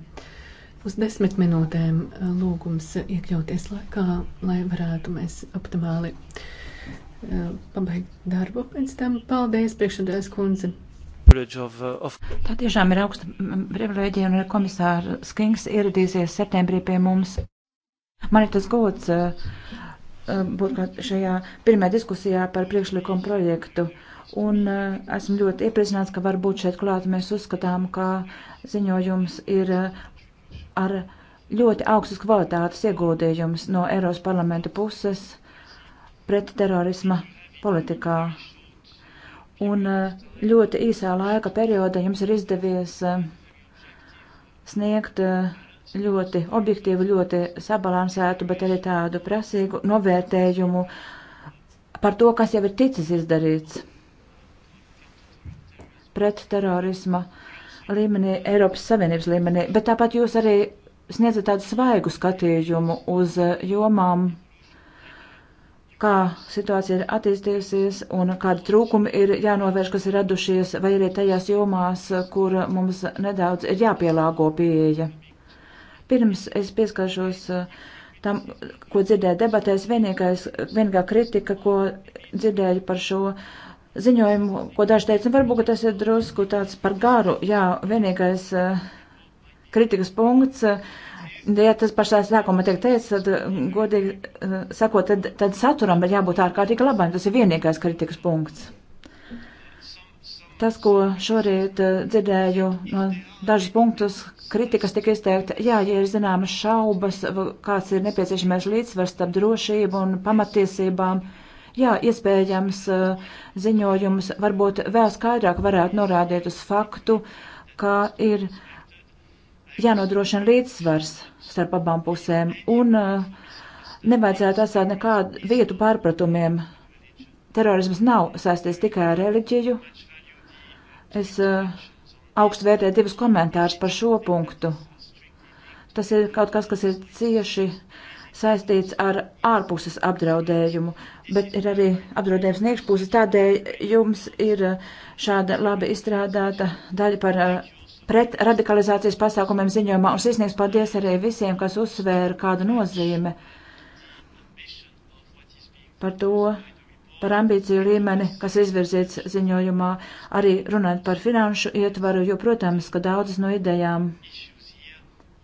uz desmit minūtēm uh, lūgums iekļauties laikā, lai varētu mēs optimāli uh, pabeigt darbu pēc tam. Paldies, priekšsēdājas kundze! Uh, Tā tiešām ir augsta privileģija, un komisāra Skings ieradīsies septembrī pie mums. Man ir tas gods uh, uh, būt kā šajā pirmajā diskusijā par priekšlikumu projektu, un esmu ļoti iepriecināts, ka var būt šeit klāt. Mēs uzskatām, ka ziņojums ir ar ļoti augstas kvalitātes ieguldījums no Eiropas parlamenta puses pret terorisma politikā. Un eh, ļoti īsā laika periodā jums ir izdevies eh, sniegt eh, ļoti objektīvu, ļoti sabalansētu, bet arī tādu prasīgu novērtējumu par to, kas jau ir ticis izdarīts pret terorisma līmenī, Eiropas Savienības līmenī, bet tāpat jūs arī sniedzat tādu svaigu skatījumu uz jomām, kā situācija ir attīstījusies un kādi trūkumi ir jānovērš, kas ir radušies, vai arī tajās jomās, kur mums nedaudz ir jāpielāgo pieeja. Pirms es pieskaršos uh, tam, ko dzirdēju debatēs, vienīgais, vienīgā kritika, ko dzirdēju par šo ziņojumu, ko daži teica, varbūt tas ir drusku tāds par garu, jā, vienīgais uh, kritikas punkts Ja tas pašā sākumā tiek teicis, tad, godīgi eh, sakot, tad, tad saturam ir jābūt ārkārtīgi labam. Tas ir vienīgais kritikas punkts. Tas, ko šorīt eh, dzirdēju no dažas punktus, kritikas tika izteikta, jā, ja ir zināmas šaubas, kāds ir nepieciešamais līdzsvars starp drošību un pamatiesībām, jā, iespējams eh, ziņojums varbūt vēl skaidrāk varētu norādīt uz faktu, kā ir. Uh, jānodrošina līdzsvars starp abām pusēm un uh, nevajadzētu atstāt nekādu vietu pārpratumiem. Terorisms nav saistīts tikai ar reliģiju. Es uh, augstu vērtēju divus komentārus par šo punktu. Tas ir kaut kas, kas ir cieši saistīts ar ārpuses apdraudējumu, bet ir arī apdraudējums niekšpuses. Tādēļ jums ir uh, šāda labi izstrādāta daļa par pret radikalizācijas pasākumiem ziņojumā, un sisniegs paldies arī visiem, kas uzsvēra kādu nozīme par to, par ambīciju līmeni, kas izvirzīts ziņojumā, arī runāt par finanšu ietvaru, jo, protams, ka daudzas no idejām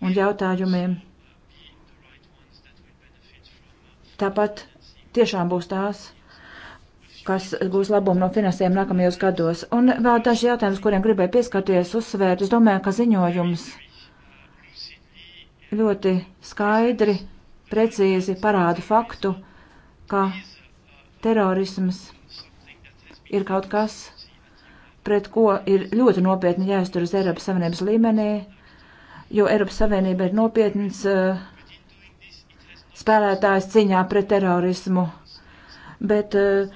un jautājumiem tāpat tiešām būs tās, kas būs labumu no finansējuma nākamajos gados. Un vēl daži jautājums, kuriem gribēju pieskarties, uzsvērt. Es domāju, ka ziņojums ļoti skaidri, precīzi parāda faktu, ka terorisms ir kaut kas, pret ko ir ļoti nopietni jāizturas Eiropas Savienības līmenī, jo Eiropas Savienība ir nopietns uh, spēlētājs ciņā pret terorismu. Bet uh,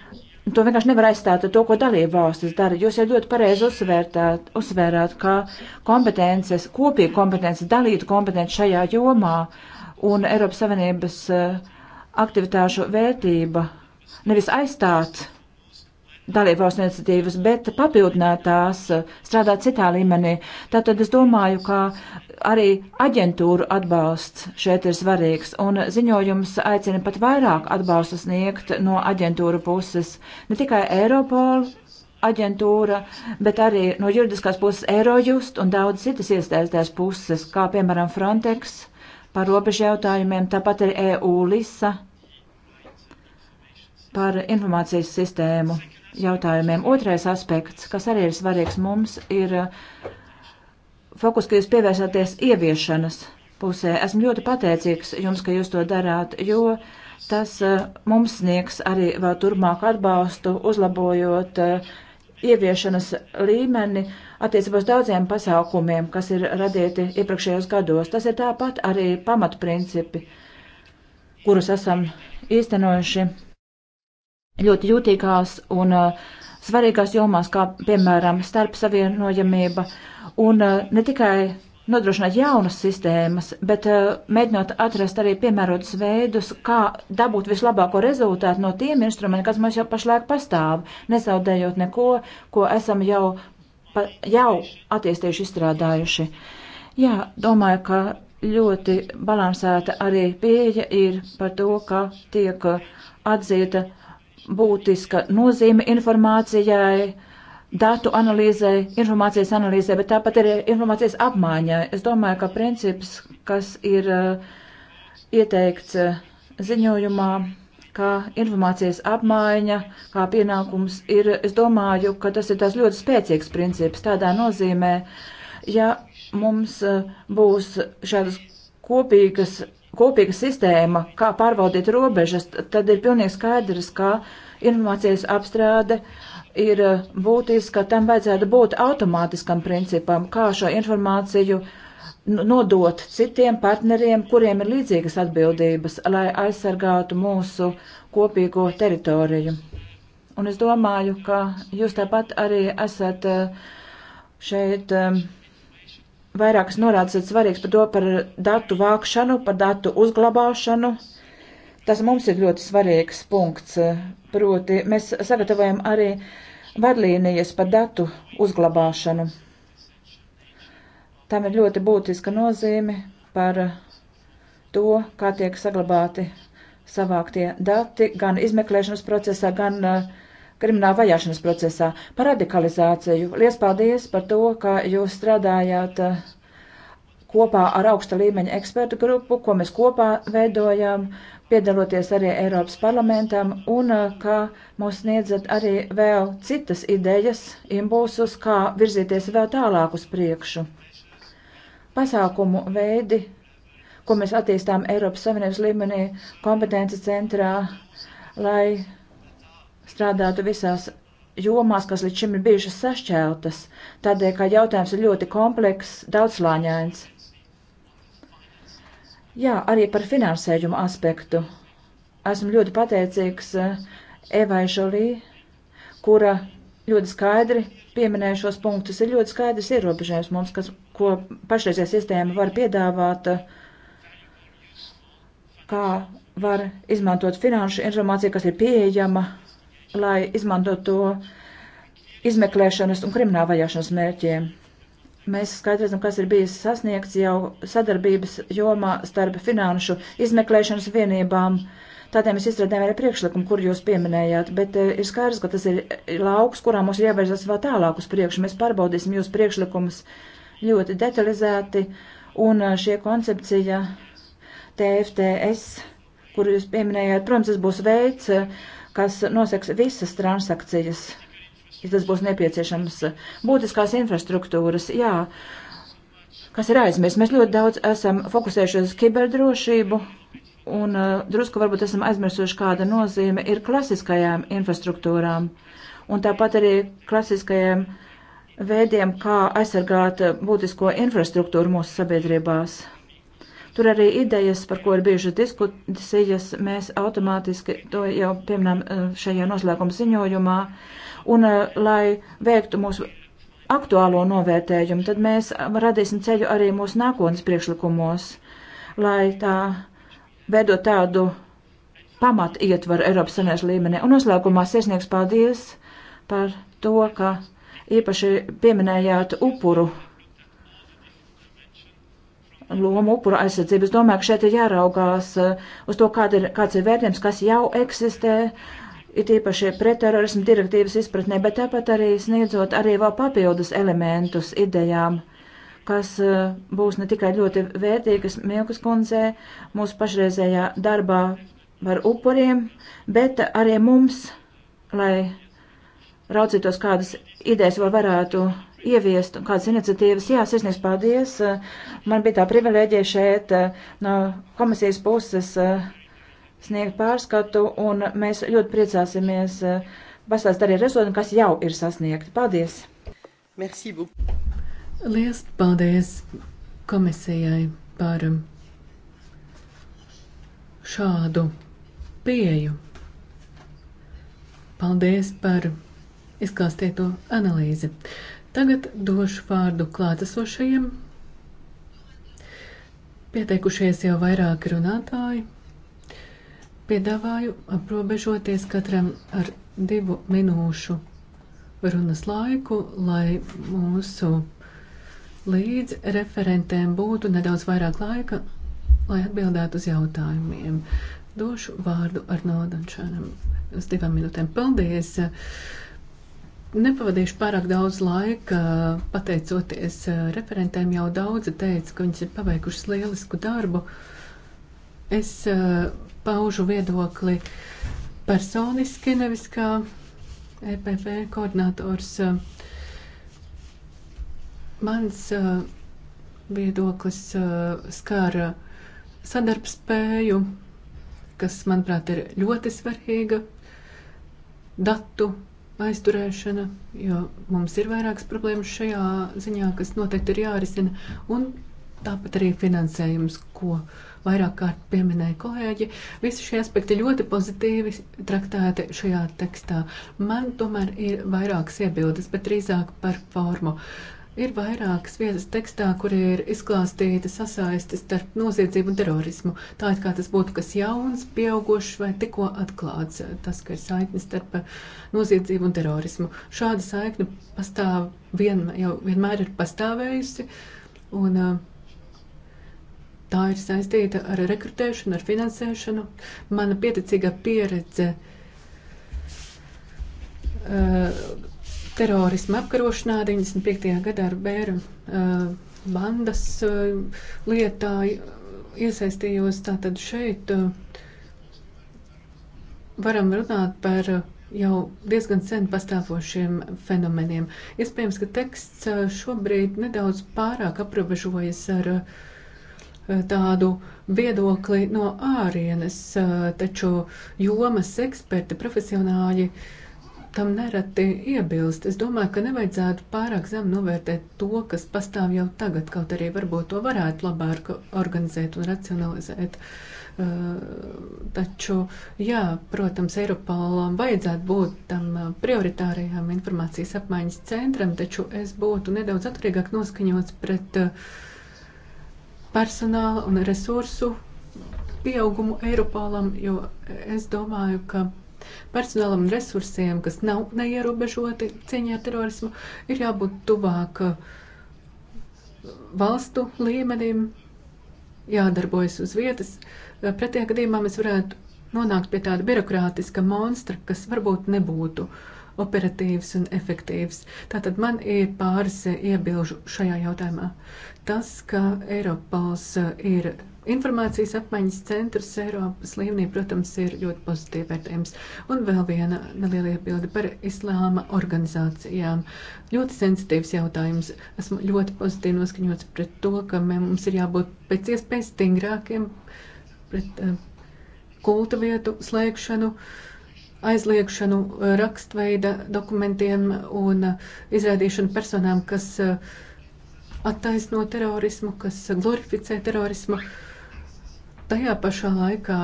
to vienkārši nevar aizstāt ar to, ko dalība valstis dara. Jūs jau ļoti pareizi uzsvērtāt, uzsvērāt, ka kompetences, kopīga kompetence, dalīta kompetence šajā jomā un Eiropas Savienības eh, aktivitāšu vērtība nevis aizstāt dalībvalstu iniciatīvas, bet papildināt tās, eh, strādāt citā līmenī. Tātad es domāju, ka arī aģentūru atbalsts šeit ir svarīgs, un ziņojums aicina pat vairāk atbalstu sniegt no aģentūru puses, ne tikai Eiropola aģentūra, bet arī no juridiskās puses Eirojust un daudz citas iesaistētās puses, kā piemēram Frontex par robežu jautājumiem, tāpat arī EU Lisa par informācijas sistēmu jautājumiem. Otrais aspekts, kas arī ir svarīgs mums, ir uh, fokus, ka jūs pievērsāties ieviešanas pusē. Esmu ļoti pateicīgs jums, ka jūs to darāt, jo tas uh, mums sniegs arī vēl turpmāk atbalstu, uzlabojot uh, ieviešanas līmeni attiecībā uz daudziem pasākumiem, kas ir radīti iepriekšējos gados. Tas ir tāpat arī pamatprincipi, kurus esam īstenojuši ļoti jūtīgās un uh, svarīgās jomās, kā piemēram starpsavienojamība, un uh, ne tikai nodrošināt jaunas sistēmas, bet uh, mēģinot atrast arī piemērotus veidus, kā dabūt vislabāko rezultātu no tiem instrumentiem, kas mums jau pašlaik pastāv, nezaudējot neko, ko esam jau, pa, jau attīstījuši, izstrādājuši. Jā, domāju, ka ļoti balansēta arī pieeja ir par to, ka tiek uh, atzīta būtiska nozīme informācijai, datu analīzē, informācijas analīzē, bet tāpat arī informācijas apmaiņai. Es domāju, ka princips, kas ir uh, ieteikts uh, ziņojumā, kā informācijas apmaiņa, kā pienākums ir, es domāju, ka tas ir tās ļoti spēcīgs princips tādā nozīmē, ja mums uh, būs šādas kopīgas kopīga sistēma, kā pārvaldīt robežas, tad ir pilnīgi skaidrs, ka informācijas apstrāde ir eh, būtiska, tam vajadzētu būt automātiskam principam, kā šo informāciju nodot citiem partneriem, kuriem ir līdzīgas atbildības, lai aizsargātu mūsu kopīgo teritoriju. Un es domāju, ka jūs tāpat arī esat eh, šeit. Um, vairākas norādes ir svarīgs par to, par datu vākšanu, par datu uzglabāšanu. Tas mums ir ļoti svarīgs punkts, proti mēs sagatavojam arī vadlīnijas par datu uzglabāšanu. Tam ir ļoti būtiska nozīme par to, kā tiek saglabāti savāktie dati gan izmeklēšanas procesā, gan uh, krimināla vajāšanas procesā. Par radikalizāciju. Lies paldies par to, ka jūs strādājāt eh, kopā ar augsta līmeņa ekspertu grupu, ko mēs kopā veidojam, piedaloties arī Eiropas parlamentam, un eh, ka mums sniedzat arī vēl citas idejas, impulsus, kā virzīties vēl tālāk uz priekšu. Pasākumu veidi, ko mēs attīstām Eiropas Savienības līmenī, kompetences centrā, lai strādātu visās jomās, kas līdz šim ir bijušas sašķeltas, tādēļ, ka jautājums ir ļoti komplekss, daudzslāņains. Jā, arī par finansējumu aspektu. Esmu ļoti pateicīgs eh, Evai Žolī, kura ļoti skaidri pieminēja šos punktus. Ir ļoti skaidrs ierobežojums mums, kas, ko pašreizies iestājumi var piedāvāt, kā var izmantot finanšu informāciju, kas ir pieejama lai izmantotu to izmeklēšanas un krimināla vajāšanas mērķiem. Mēs skaidrojam, kas ir bijis sasniegts jau sadarbības jomā starp finanšu izmeklēšanas vienībām. Tādēļ mēs izstrādājam arī priekšlikumu, kur jūs pieminējāt, bet eh, ir skaidrs, ka tas ir lauks, kurā mums ir jāvērsās vēl tālāk uz priekšu. Mēs pārbaudīsim jūs priekšlikumus ļoti detalizēti, un eh, šie koncepcija TFTS, kuru jūs pieminējāt, protams, tas būs veids, eh, kas noseks visas transakcijas, ja tas būs nepieciešams. Būtiskās infrastruktūras, jā, kas ir aizmirsts. Mēs ļoti daudz esam fokusējušies uz kiberdrošību. Un uh, drusku varbūt esam aizmirsuši, kāda nozīme ir klasiskajām infrastruktūrām un tāpat arī klasiskajiem veidiem, kā aizsargāt būtisko infrastruktūru mūsu sabiedrībās. Tur arī idejas, par ko ir bijušas diskusijas, mēs automātiski to jau pieminām eh, šajā noslēguma ziņojumā. Un, eh, lai veiktu mūsu aktuālo novērtējumu, tad mēs radīsim ceļu arī mūsu nākotnes priekšlikumos, lai tā veidot tādu pamatu ietvaru Eiropas Savienības līmenī. Un noslēgumā sirsnieks paldies par to, ka īpaši pieminējāt upuru lomu upura aizsardzību. Es domāju, ka šeit ir jāraugās eh, uz to, kāda ir, kāds ir vērtējums, kas jau eksistē, ir tīpaši pretterorismu direktīvas izpratnē, bet tāpat arī sniedzot arī vēl papildus elementus idejām kas eh, būs ne tikai ļoti vērtīgas Milkas kundzē mūsu pašreizējā darbā par upuriem, bet arī mums, lai raucītos kādas idejas vēl varētu ieviest un kādas iniciatīvas. Jā, sirsnīgs paldies. Man bija tā privileģija šeit eh, no komisijas puses eh, sniegt pārskatu, un mēs ļoti priecāsimies eh, pastāst arī rezultātiem, kas jau ir sasniegti. Paldies! Merci beaucoup! Lielas paldies komisijai par um, šādu pieju. Paldies par izklāstīto analīzi. Tagad došu vārdu klātesošajiem. Pieteikušies jau vairāki runātāji. Piedāvāju aprobežoties katram ar divu minūšu runas laiku, lai mūsu līdz referentēm būtu nedaudz vairāk laika, lai atbildētu uz jautājumiem. Došu vārdu Arnoldam Čānam uz divām minūtēm. Paldies! Nepavadīšu pārāk daudz laika, pateicoties eh, referentēm, jau daudzi teica, ka viņas ir paveikušas lielisku darbu. Es eh, paužu viedokli personiski, nevis kā EPP koordinators. Mans eh, viedoklis skar sadarbspēju, kas, manuprāt, ir ļoti svarīga, datu aizturēšana, jo mums ir vairākas problēmas šajā ziņā, kas noteikti ir jārisina, un tāpat arī finansējums, ko vairāk kārt pieminēja kolēģi. Visi šie aspekti ļoti pozitīvi traktēti šajā tekstā. Man tomēr ir vairākas iebildes, bet drīzāk par formu. Uh, Ir vairākas vietas tekstā, kur ir izklāstīta sasaiste starp noziedzību un terorismu. Tā it kā tas būtu kas jauns, pieaugušs vai tikko atklāts, tas, ka ir saikne starp noziedzību un terorismu. Šāda saikne pastāv vien, jau vienmēr ir pastāvējusi, un tā ir saistīta ar rekrutēšanu, ar finansēšanu. Mana pieticīga pieredze. Uh, terorisma apkarošanā 95. gadā ar bēru uh, bandas uh, lietā uh, iesaistījos. Tātad šeit uh, varam runāt par uh, jau diezgan sen pastāvošiem fenomeniem. Iespējams, ka teksts uh, šobrīd nedaudz pārāk aprobežojas ar uh, tādu viedokli no ārienes, uh, taču jomas eksperti, profesionāļi uh, tam nereti iebilst. Es domāju, ka nevajadzētu pārāk zem novērtēt to, kas pastāv jau tagad, kaut arī varbūt to varētu labāk organizēt un racionalizēt. Eh, taču, jā, protams, Eiropālam vajadzētu būt tam prioritārajām informācijas apmaiņas centram, taču es būtu nedaudz atturīgāk noskaņots pret eh, personāla un resursu pieaugumu Eiropālam, jo es domāju, ka personālam un resursiem, kas nav neierobežoti cīņā ar terorismu, ir jābūt tuvāk uh, valstu līmenim, jādarbojas uz vietas. Uh, pretējā gadījumā mēs varētu nonākt pie tāda birokrātiska monstra, kas varbūt nebūtu operatīvs un efektīvs. Tātad man ir pāris iebilžu šajā jautājumā. Tas, ka Eiropals uh, ir Informācijas apmaiņas centrs Eiropas līmenī, protams, ir ļoti pozitīvi vērtējums. Un vēl viena neliela iebilde par islāma organizācijām. Ļoti sensitīvs jautājums. Esmu ļoti pozitīvi noskaņots pret to, ka mums ir jābūt pēc iespējas stingrākiem pret uh, eh, kulta vietu slēgšanu. Uh, aizliekšanu eh, rakstveida dokumentiem un eh, izrādīšanu personām, kas attaisno terorismu, kas glorificē terorismu tajā pašā laikā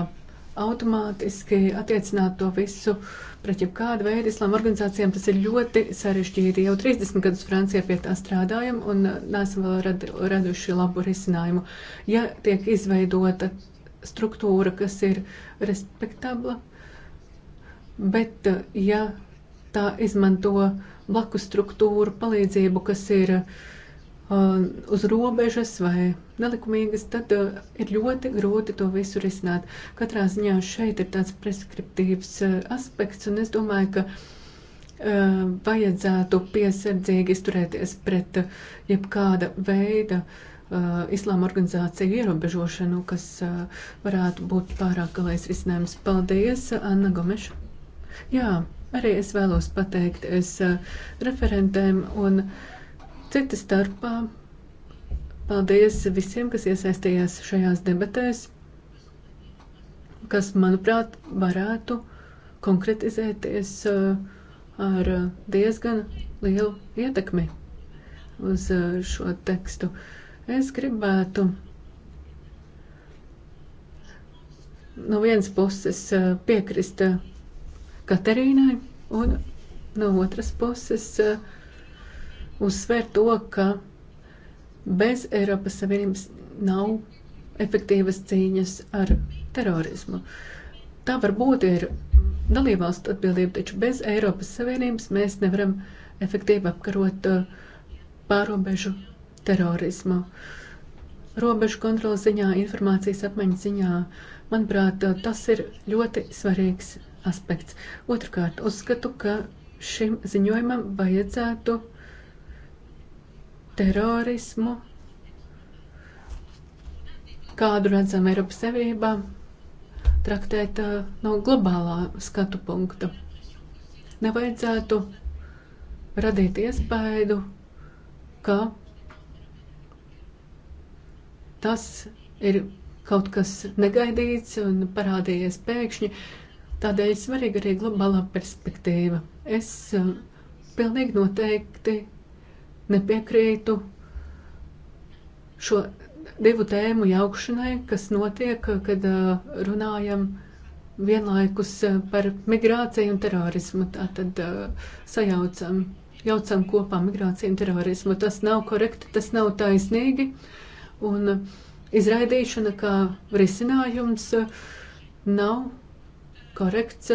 automātiski attiecināt to visu pret jebkādu veidu islāma organizācijām. Tas ir ļoti sarežģīti. Jau 30 gadus Francijā pie tā strādājam un uh, neesam vēl rad, raduši labu risinājumu. Ja tiek izveidota struktūra, kas ir respektabla, bet uh, ja tā izmanto blaku struktūru palīdzību, kas ir uh, Uh, uz robežas vai nelikumīgas, tad uh, ir ļoti grūti to visu risināt. Katrā ziņā šeit ir tāds preskriptīvs uh, aspekts, un es domāju, ka uh, vajadzētu piesardzīgi izturēties pret uh, jebkāda veida uh, islāma organizāciju ierobežošanu, kas varētu būt pārāk galais risinājums. Paldies, Anna Gomeša! Jā, arī es vēlos pateikties referentēm un uh, Cita starpā paldies visiem, kas iesaistījās šajās debatēs, kas, manuprāt, varētu konkretizēties uh, ar diezgan lielu ietekmi uz uh, šo tekstu. Es gribētu no vienas puses uh, piekrist Katerīnai, un no otras puses uh, uzsver to, ka bez Eiropas Savienības nav efektīvas cīņas ar terorismu. Tā varbūt ir dalībvalstu atbildība, taču bez Eiropas Savienības mēs nevaram efektīvi apkarot uh, pārobežu terorismu. Robežu kontrolas ziņā, informācijas apmaiņas ziņā, manuprāt, uh, tas ir ļoti svarīgs aspekts. Otrakārt, uzskatu, ka šim ziņojumam vajadzētu terorismu, kādu redzam Eiropas Savienībā, traktēt uh, no globālā skatu punkta. Nevajadzētu radīt iespēju, ka tas ir kaut kas negaidīts un parādījies pēkšņi. Tādēļ svarīga arī globālā perspektīva. Es uh, pilnīgi noteikti nepiekrītu šo divu tēmu jaukšanai, kas notiek, kad uh, runājam vienlaikus uh, par migrāciju un terorismu. Tātad uh, sajaucam, jaucam kopā migrāciju un terorismu. Tas nav korekti, tas nav taisnīgi. Un izraidīšana kā risinājums nav korekts,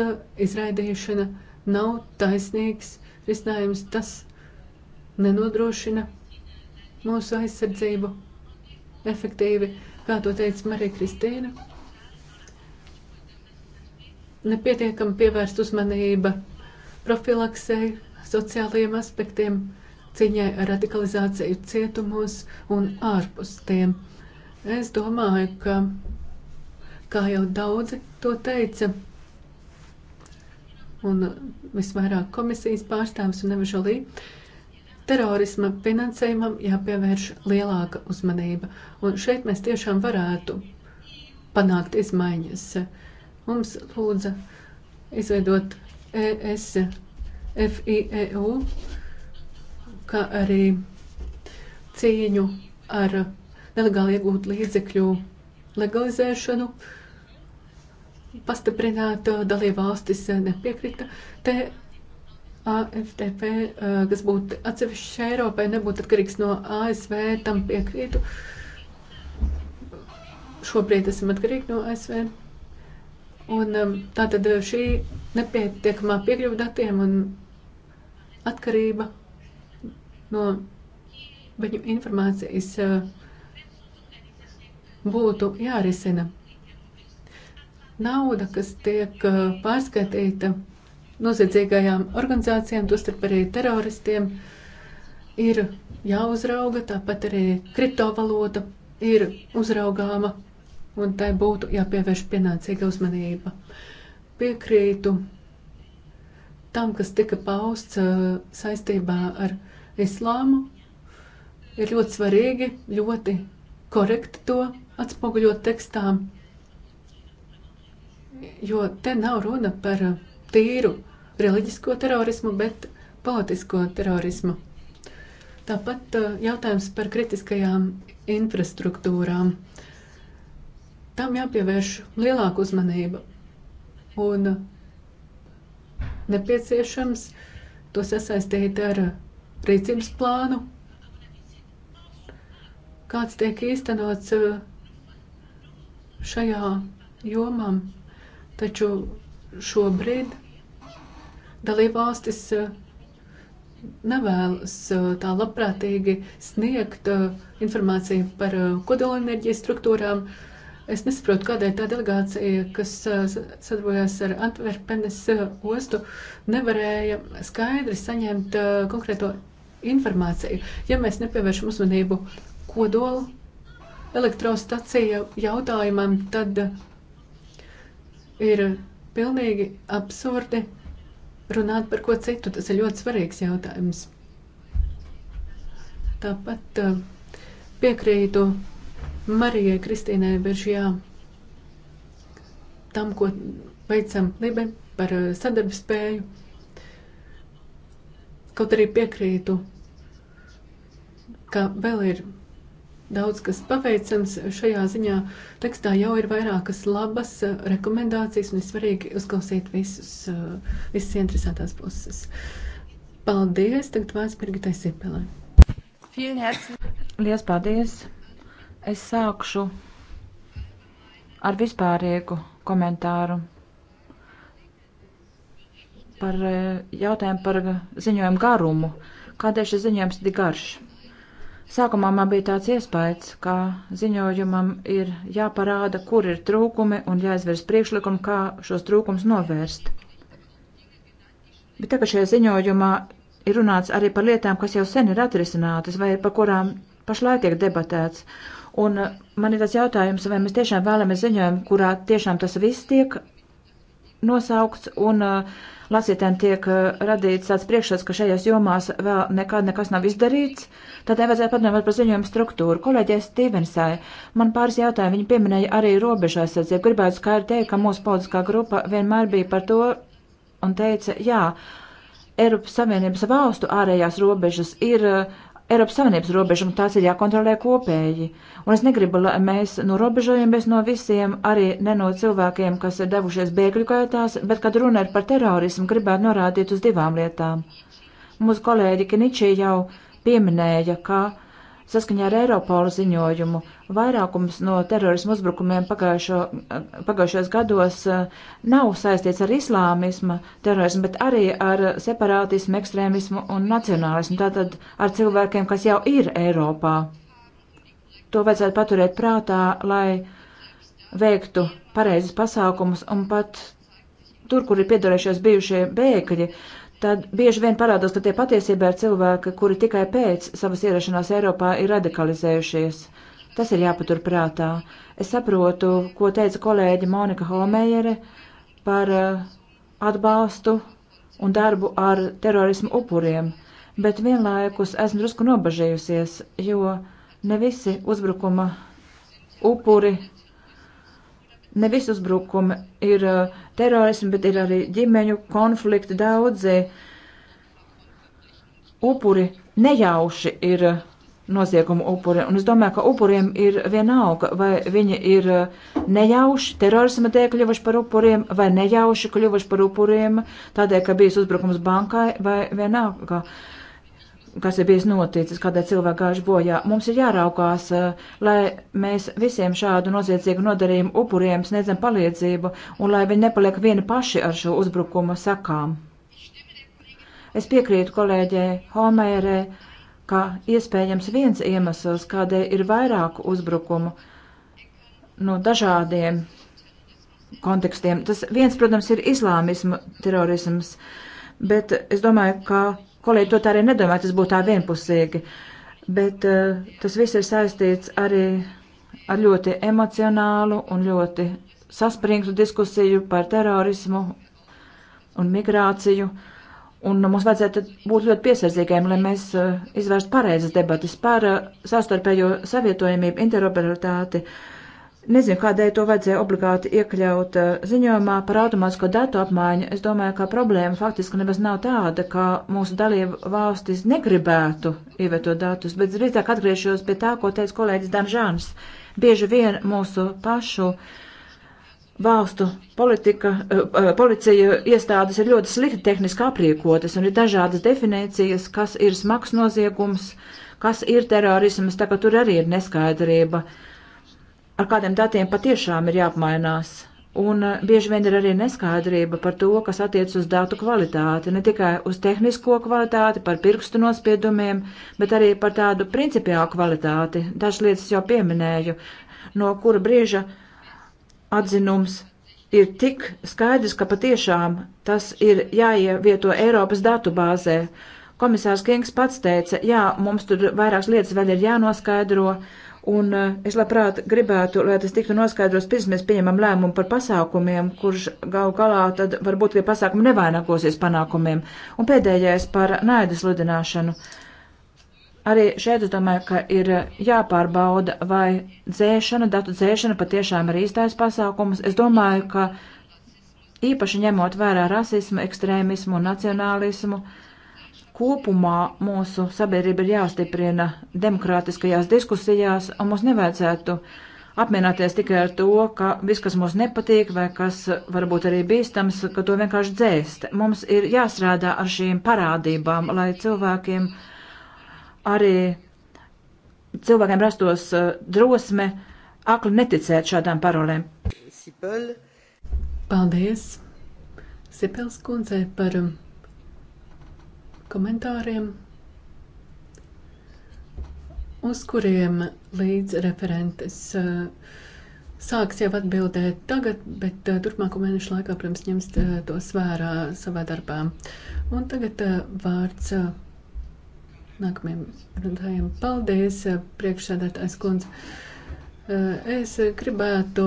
izraidīšana nav taisnīgs risinājums. Tas nenodrošina mūsu aizsardzību efektīvi, kā to teica Marija Kristīna. Nepietiekam pievērst uzmanība profilaksei, sociālajiem aspektiem, cīņai ar radikalizāciju cietumos un ārpus tiem. Es domāju, ka, kā jau daudzi to teica, un visvairāk komisijas pārstāvis un nevažalī, uh, terorisma finansējumam jāpievērš lielāka uzmanība, un šeit mēs tiešām varētu panākt izmaiņas. Mums lūdza izveidot ESFIEU, kā arī cīņu ar nelegāli iegūt līdzekļu legalizēšanu. Pastiprināta uh, dalībvalstis uh, nepiekrita. Te AFTP, kas būtu atsevišķs Eiropai, nebūtu atkarīgs no ASV, tam piekrītu. Šobrīd esam atkarīgi no ASV. Un tātad šī nepietiekamā piekļuva datiem un atkarība no viņu informācijas būtu jārisina. Nauda, kas tiek pārskatīta noziedzīgajām organizācijām, tostarp arī teroristiem, ir jāuzrauga, tāpat arī kriptovalūta ir uzraugāma, un tai būtu jāpievērš pienācīga uzmanība. Piekrītu tam, kas tika pausts uh, saistībā ar islāmu, ir ļoti svarīgi, ļoti korekti to atspoguļot tekstām, jo te nav runa par tīru reliģisko terorismu, bet politisko terorismu. Tāpat uh, jautājums par kritiskajām infrastruktūrām. Tam jāpievērš lielāka uzmanība un nepieciešams to sasaistīt ar rīcības plānu, kāds tiek īstenots uh, šajā jomā. Taču šobrīd dalībvalstis eh, nevēlas eh, tā labprātīgi sniegt eh, informāciju par kodolenerģijas struktūrām. Es nesaprotu, kādēļ tā delegācija, kas sadarbojās ar Antverpenes ostu, nevarēja skaidri saņemt konkrēto informāciju. Ja mēs nepievēršam uzmanību kodolu elektrostaciju jautājumam, tad ir pilnīgi absurdi runāt par ko citu. Tas ir ļoti svarīgs jautājums. Tāpat uh, piekrītu Marijai Kristīnai Beržjā tam, ko veicam Libe par uh, sadarbspēju. Kaut arī piekrītu, ka vēl ir daudz kas paveicams šajā ziņā. Tekstā jau ir vairākas labas uh, rekomendācijas un ir svarīgi uzklausīt visus, uh, visas interesētās puses. Paldies! Tagad vārds Birgitai Sipelē. Lielas paldies! Es sākšu ar vispārīgu komentāru par uh, jautājumu par ziņojumu garumu. Kādēļ šis ziņojums ir garš? Sākumā man bija tāds iespējas, ka ziņojumam ir jāparāda, kur ir trūkumi un jāizvirs priekšlikumi, kā šos trūkumus novērst. Bet tagad šajā ziņojumā ir runāts arī par lietām, kas jau sen ir atrisinātas vai par kurām pašlaik tiek debatēts. Un uh, man ir tas jautājums, vai mēs tiešām vēlamies ziņojumu, kurā tiešām tas viss tiek nosaukts un uh, lasītēm tiek eh, radīts tāds priekšstats, ka šajās jomās vēl nekad nekas nav izdarīts, tad nevajadzēja padomāt par ziņojumu struktūru. Kolēģijai Stīvensai man pāris jautājumu viņa pieminēja arī robežaizsardzību. Gribētu skaidri teikt, ka mūsu politiskā grupa vienmēr bija par to un teica, jā, Eiropas Savienības valstu ārējās robežas ir uh, Eiropas Savienības robeža, un tās ir jākontrolē kopēji. Un es negribu, lai mēs norobežojamies no visiem, arī ne no cilvēkiem, kas ir devušies bēgļu kaitās, bet, kad runa ir par terorismu, gribētu norādīt uz divām lietām. Mūsu kolēģi Kiničī jau pieminēja, ka Saskaņā ar Eiropola ziņojumu vairākums no terorismu uzbrukumiem pagājušo, pagājušos gados eh, nav saistīts ar islāmismu, terorismu, bet arī ar separātismu, ekstrēmismu un nacionālismu, tātad ar cilvēkiem, kas jau ir Eiropā. To vajadzētu paturēt prātā, lai veiktu pareizes pasākumus un pat tur, kur ir piedarējušies bijušie bēgļi, uh, tad bieži vien parādās, ka tie patiesībā ir cilvēki, kuri tikai pēc savas ierašanās Eiropā ir radikalizējušies. Tas ir jāpatur prātā. Es saprotu, ko teica kolēģi Monika Holmējere par uh, atbalstu un darbu ar terorismu upuriem, bet vienlaikus esmu drusku nobažījusies, jo ne visi uzbrukuma upuri Ne visi uzbrukumi ir uh, terorismi, bet ir arī ģimeņu konflikti. Daudzi upuri nejauši ir uh, noziegumu upuri. Un es domāju, ka upuriem ir vienalga, vai viņi ir uh, nejauši terorisma dēļ kļuvuši par upuriem, vai nejauši kļuvuši par upuriem tādēļ, ka bijis uzbrukums bankai, vai vienalga. Uh, kas ir bijis noticis, kādai cilvēki gājuši bojā. Mums ir jāraukās, eh, lai mēs visiem šādu noziedzīgu nodarījumu upuriem sniedzam palīdzību un lai viņi nepaliek vieni paši ar šo uzbrukumu sakām. Es piekrītu kolēģei Homērē, ka iespējams viens iemesls, kādēļ ir vairāku uzbrukumu no dažādiem kontekstiem. Tas viens, protams, ir islāmismu terorisms, bet es domāju, ka kolēģi to tā arī nedomā, tas būtu tā vienpusīgi. Bet uh, tas viss ir saistīts arī ar ļoti emocionālu un ļoti saspringtu diskusiju par terorismu un migrāciju. Un mums vajadzētu būt ļoti piesardzīgiem, lai mēs uh, izvērstu pareizas debatas par uh, eh, sastarpējo savietojamību, interoperabilitāti. Uh, Nezinu, kādēļ to vajadzēja obligāti iekļaut eh, ziņojumā par automātisko datu apmaiņu. Es domāju, ka problēma faktiski nemaz nav tāda, ka mūsu dalību valstis negribētu ievietot datus, bet drīzāk atgriežos pie tā, ko teica kolēģis Danžāns. Bieži vien mūsu pašu valstu politika, eh, eh, policija iestādes ir ļoti slikti tehniski apriekotas un ir dažādas definīcijas, kas ir smags noziegums, kas ir terorisms, tā ka tur arī ir neskaidrība. Uh, ar kādiem datiem patiešām ir jāapmainās. Un eh, bieži vien ir arī neskaidrība par to, kas attiec uz datu kvalitāti, ne tikai uz tehnisko kvalitāti, par pirkstu nospiedumiem, bet arī par tādu principiālu kvalitāti. Dažas lietas jau pieminēju, no kura brīža atzinums ir tik skaidrs, ka patiešām tas ir jāievieto Eiropas datu bāzē. Komisārs Kings pats teica, jā, mums tur vairākas lietas vēl ir jānoskaidro. Uh, Un eh, es labprāt gribētu, lai tas tiktu noskaidros, pirms mēs pieņemam lēmumu par pasākumiem, kurš gal galā tad varbūt tie pasākumi nevainagosies panākumiem. Un pēdējais par naidas lidināšanu. Arī šeit es domāju, ka ir eh, jāpārbauda, vai dzēšana, datu dzēšana patiešām ir īstais pasākums. Es domāju, ka īpaši ņemot vērā rasismu, ekstrēmismu un nacionālismu, uh, kopumā mūsu sabiedrība ir jāstiprina demokrātiskajās diskusijās, un mums nevajadzētu apmienāties tikai ar to, ka viss, kas mums nepatīk vai kas varbūt arī bīstams, ka to vienkārši dzēst. Mums ir jāstrādā ar šīm parādībām, lai cilvēkiem arī cilvēkiem rastos uh, drosme akli neticēt šādām parolēm. Paldies Sipels kundzei par um, komentāriem, uz kuriem līdz referentes uh, sāks jau atbildēt tagad, bet uh, turpmāko mēnešu laikā, protams, ņems uh, tos vērā savā darbā. Un tagad vārds nākamajam runātājiem. Paldies, priekšsēdētājs kundze. Es gribētu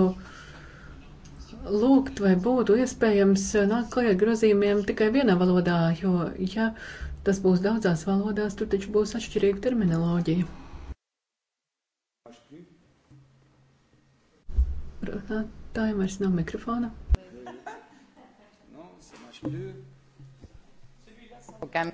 lūgt, vai būtu iespējams nākt klajā grozījumiem tikai vienā valodā, jo, ja Tas būs daudzās valodās, tur taču būs atšķirīga terminoloģija. Runātājiem vairs nav mikrofona. Okay.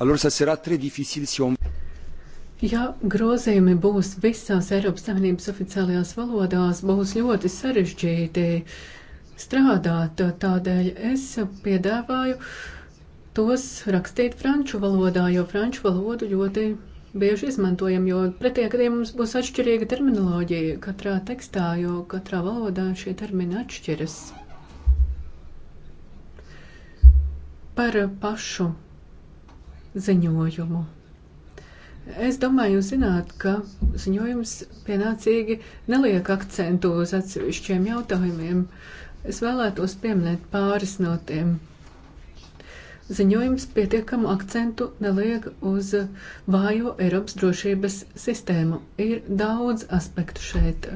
Alors ça sera très difficile si on... Ja grozījumi būs visās Eiropas Savienības oficiālajās valodās, būs ļoti sarežģīti strādāt. Tādēļ es piedāvāju tos rakstīt franču valodā, jo franču valodu ļoti bieži izmantojam, jo pretējā gadījumā mums būs atšķirīga terminoloģija katrā tekstā, jo katrā valodā šie termini atšķiras. Par pašu ziņojumu. Es domāju, jūs zināt, ka ziņojums pienācīgi neliek akcentu uz atsevišķiem jautājumiem. Es vēlētos pieminēt pāris no tiem. Ziņojums pietiekamu akcentu neliek uz vājo Eiropas drošības sistēmu. Ir daudz aspektu šeit.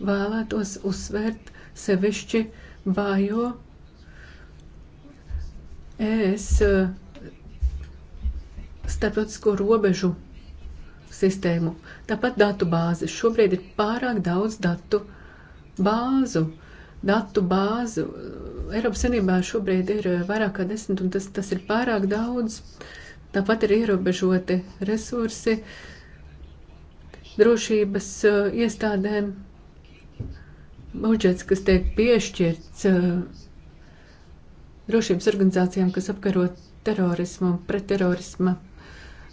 Vēlētos uzsvērt sevišķi vājo ES eh, starptautisko robežu sistēmu. Tāpat datu bāzes. Šobrīd ir pārāk daudz datu bāzu. Datu bāzu Eiropas Savienībā šobrīd ir eh, vairāk kā desmit, un tas, tas ir pārāk daudz. Tāpat ir ierobežoti resursi drošības uh, iestādēm. Budžets, kas tiek piešķirts uh, drošības organizācijām, kas apkaro terorismu, pretterorisma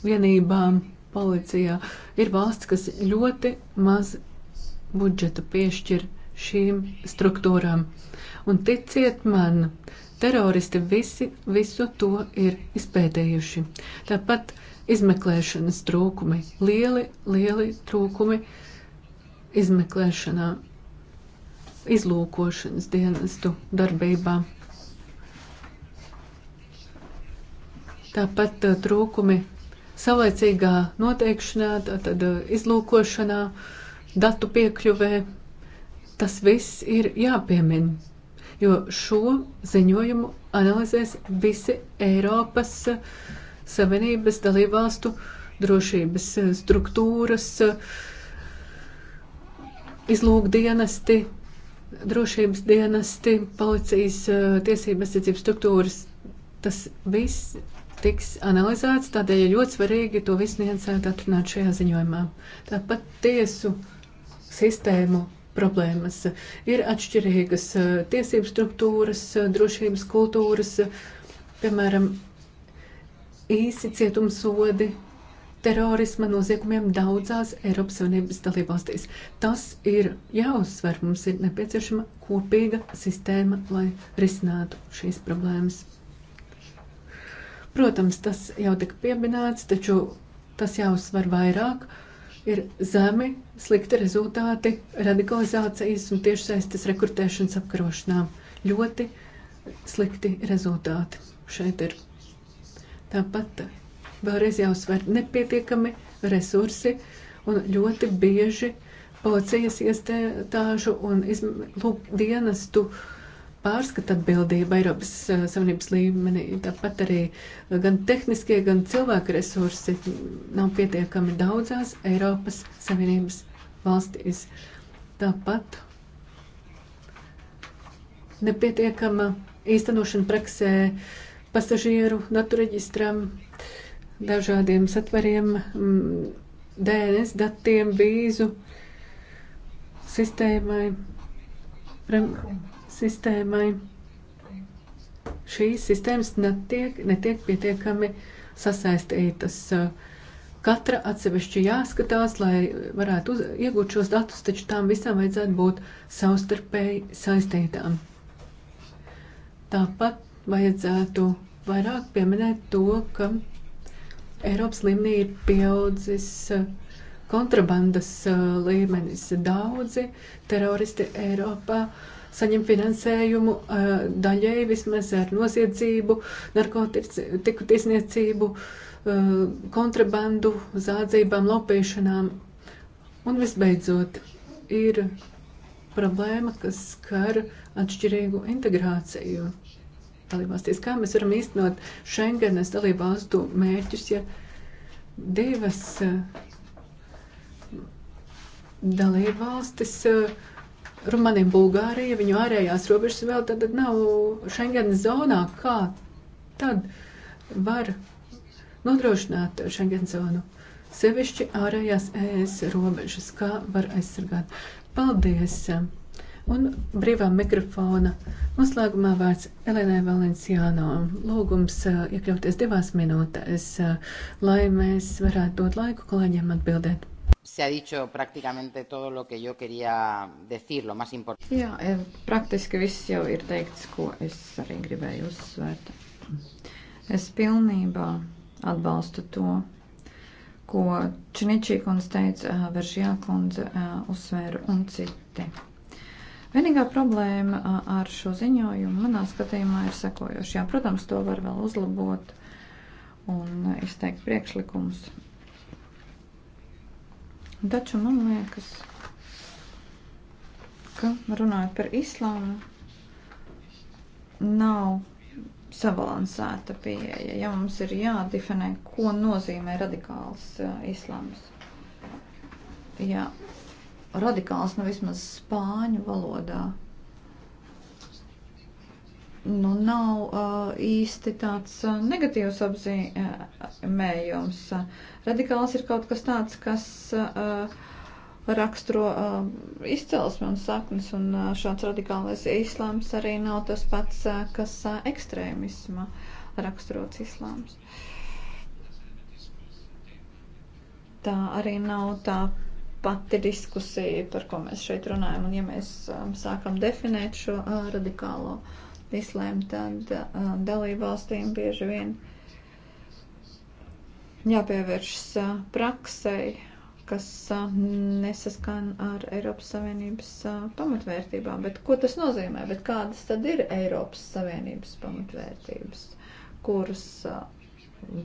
vienībām, policijā. Ir valsts, kas ļoti maz budžetu piešķir šīm struktūrām. Un ticiet man, teroristi visi visu to ir izpētējuši. Tāpat izmeklēšanas trūkumi, lieli, lieli trūkumi izmeklēšanā, izlūkošanas dienestu darbībā. Tāpat uh, trūkumi saulēcīgā noteikšanā, tātad eh, izlūkošanā, datu piekļuvē. Tas viss ir jāpiemin, jo šo ziņojumu analizēs visi Eiropas eh, Savienības dalībvalstu drošības eh, struktūras, izlūkdienesti, drošības dienesti, policijas, tiesības aizsardzības struktūras. Tas viss tiks analizēts, tādēļ ir ļoti svarīgi to visu niansēt atrunāt šajā ziņojumā. Tāpat tiesu sistēmu problēmas ir atšķirīgas eh, tiesību struktūras, eh, drošības kultūras, eh, piemēram, īsi cietumsodi terorisma noziegumiem daudzās Eiropas Savienības dalībvalstīs. Tas ir jāuzsver, mums ir nepieciešama kopīga sistēma, lai risinātu šīs problēmas. Protams, tas jau tika pieminēts, taču tas jāuzsver vairāk. Ir zemi, slikti rezultāti radikalizācijas un tiešsaistes rekrutēšanas apkarošanā. Ļoti slikti rezultāti šeit ir. Tāpat vēlreiz jāuzsver nepietiekami resursi un ļoti bieži policijas iestāžu un lūk, dienestu uh, pārskata atbildība Eiropas eh, Savienības līmenī, tāpat arī eh, gan tehniskie, gan cilvēku resursi nav pietiekami daudzās Eiropas Savienības valstīs. Tāpat nepietiekama īstenošana praksē pasažieru datu reģistram, dažādiem satvariem, mm, DNS datiem, vīzu sistēmai. Prem, sistēmai. Šīs sistēmas netiek, netiek pietiekami sasaistītas. Katra atsevišķi jāskatās, lai varētu uz, iegūt šos datus, taču tām visām vajadzētu būt savstarpēji saistītām. Tāpat vajadzētu vairāk pieminēt to, ka Eiropas līmenī ir pieaudzis uh, kontrabandas uh, līmenis. Daudzi teroristi Eiropā saņem finansējumu uh, daļēji vismaz ar noziedzību, narkotiku tiesniecību, uh, kontrabandu, zādzībām, lopīšanām. Un visbeidzot, ir problēma, kas skar atšķirīgu integrāciju dalībvalstīs. Kā mēs varam īstenot Schengenes dalībvalstu mērķus, ja divas dalībvalstis, eh, Rumānija, Bulgārija, viņu ārējās robežas vēl tad nav Schengenas zonā. Kā tad var nodrošināt Schengenas zonu? Sevišķi ārējās ES robežas, kā var aizsargāt. Paldies! Un brīvā mikrofona noslēgumā vārds Elenai Valenciāno. Lūgums eh, iekļauties divās minūtēs, eh, lai mēs varētu dot laiku kolēģiem atbildēt se ha dicho prácticamente todo lo que yo quería decir, lo más importante. Jā, eh, praktiski viss jau ir teikts, ko es arī gribēju uzsvērt. Es pilnībā atbalstu to, ko Činičī kundze teica, eh, Veržjā kundze eh, uzsvēra un citi. Vienīgā problēma ar šo ziņojumu manā skatījumā ir sekojošā. Protams, to var vēl uzlabot un izteikt priekšlikumus. Taču man liekas, ka runājot par islāmu, nav sabalansēta pieeja. Ja mums ir jādefinē, ko nozīmē radikāls uh, islāms. Jā, radikāls nu vismaz spāņu valodā nu, nav uh, īsti tāds uh, negatīvs apzīmējums. Radikāls ir kaut kas tāds, kas uh, raksturo uh, izcelsmi un saknes, un uh, šāds radikālais islāms arī nav tas pats, uh, kas uh, ekstrēmisma raksturots islāms. Tā arī nav tā pati diskusija, par ko mēs šeit runājam, un ja mēs um, sākam definēt šo uh, radikālo uh, izlēma, tad uh, dalībvalstīm bieži vien jāpievēršas uh, praksei, kas uh, nesaskan ar Eiropas Savienības uh, pamatvērtībām. Bet ko tas nozīmē? Bet kādas tad ir Eiropas Savienības pamatvērtības, kuras uh,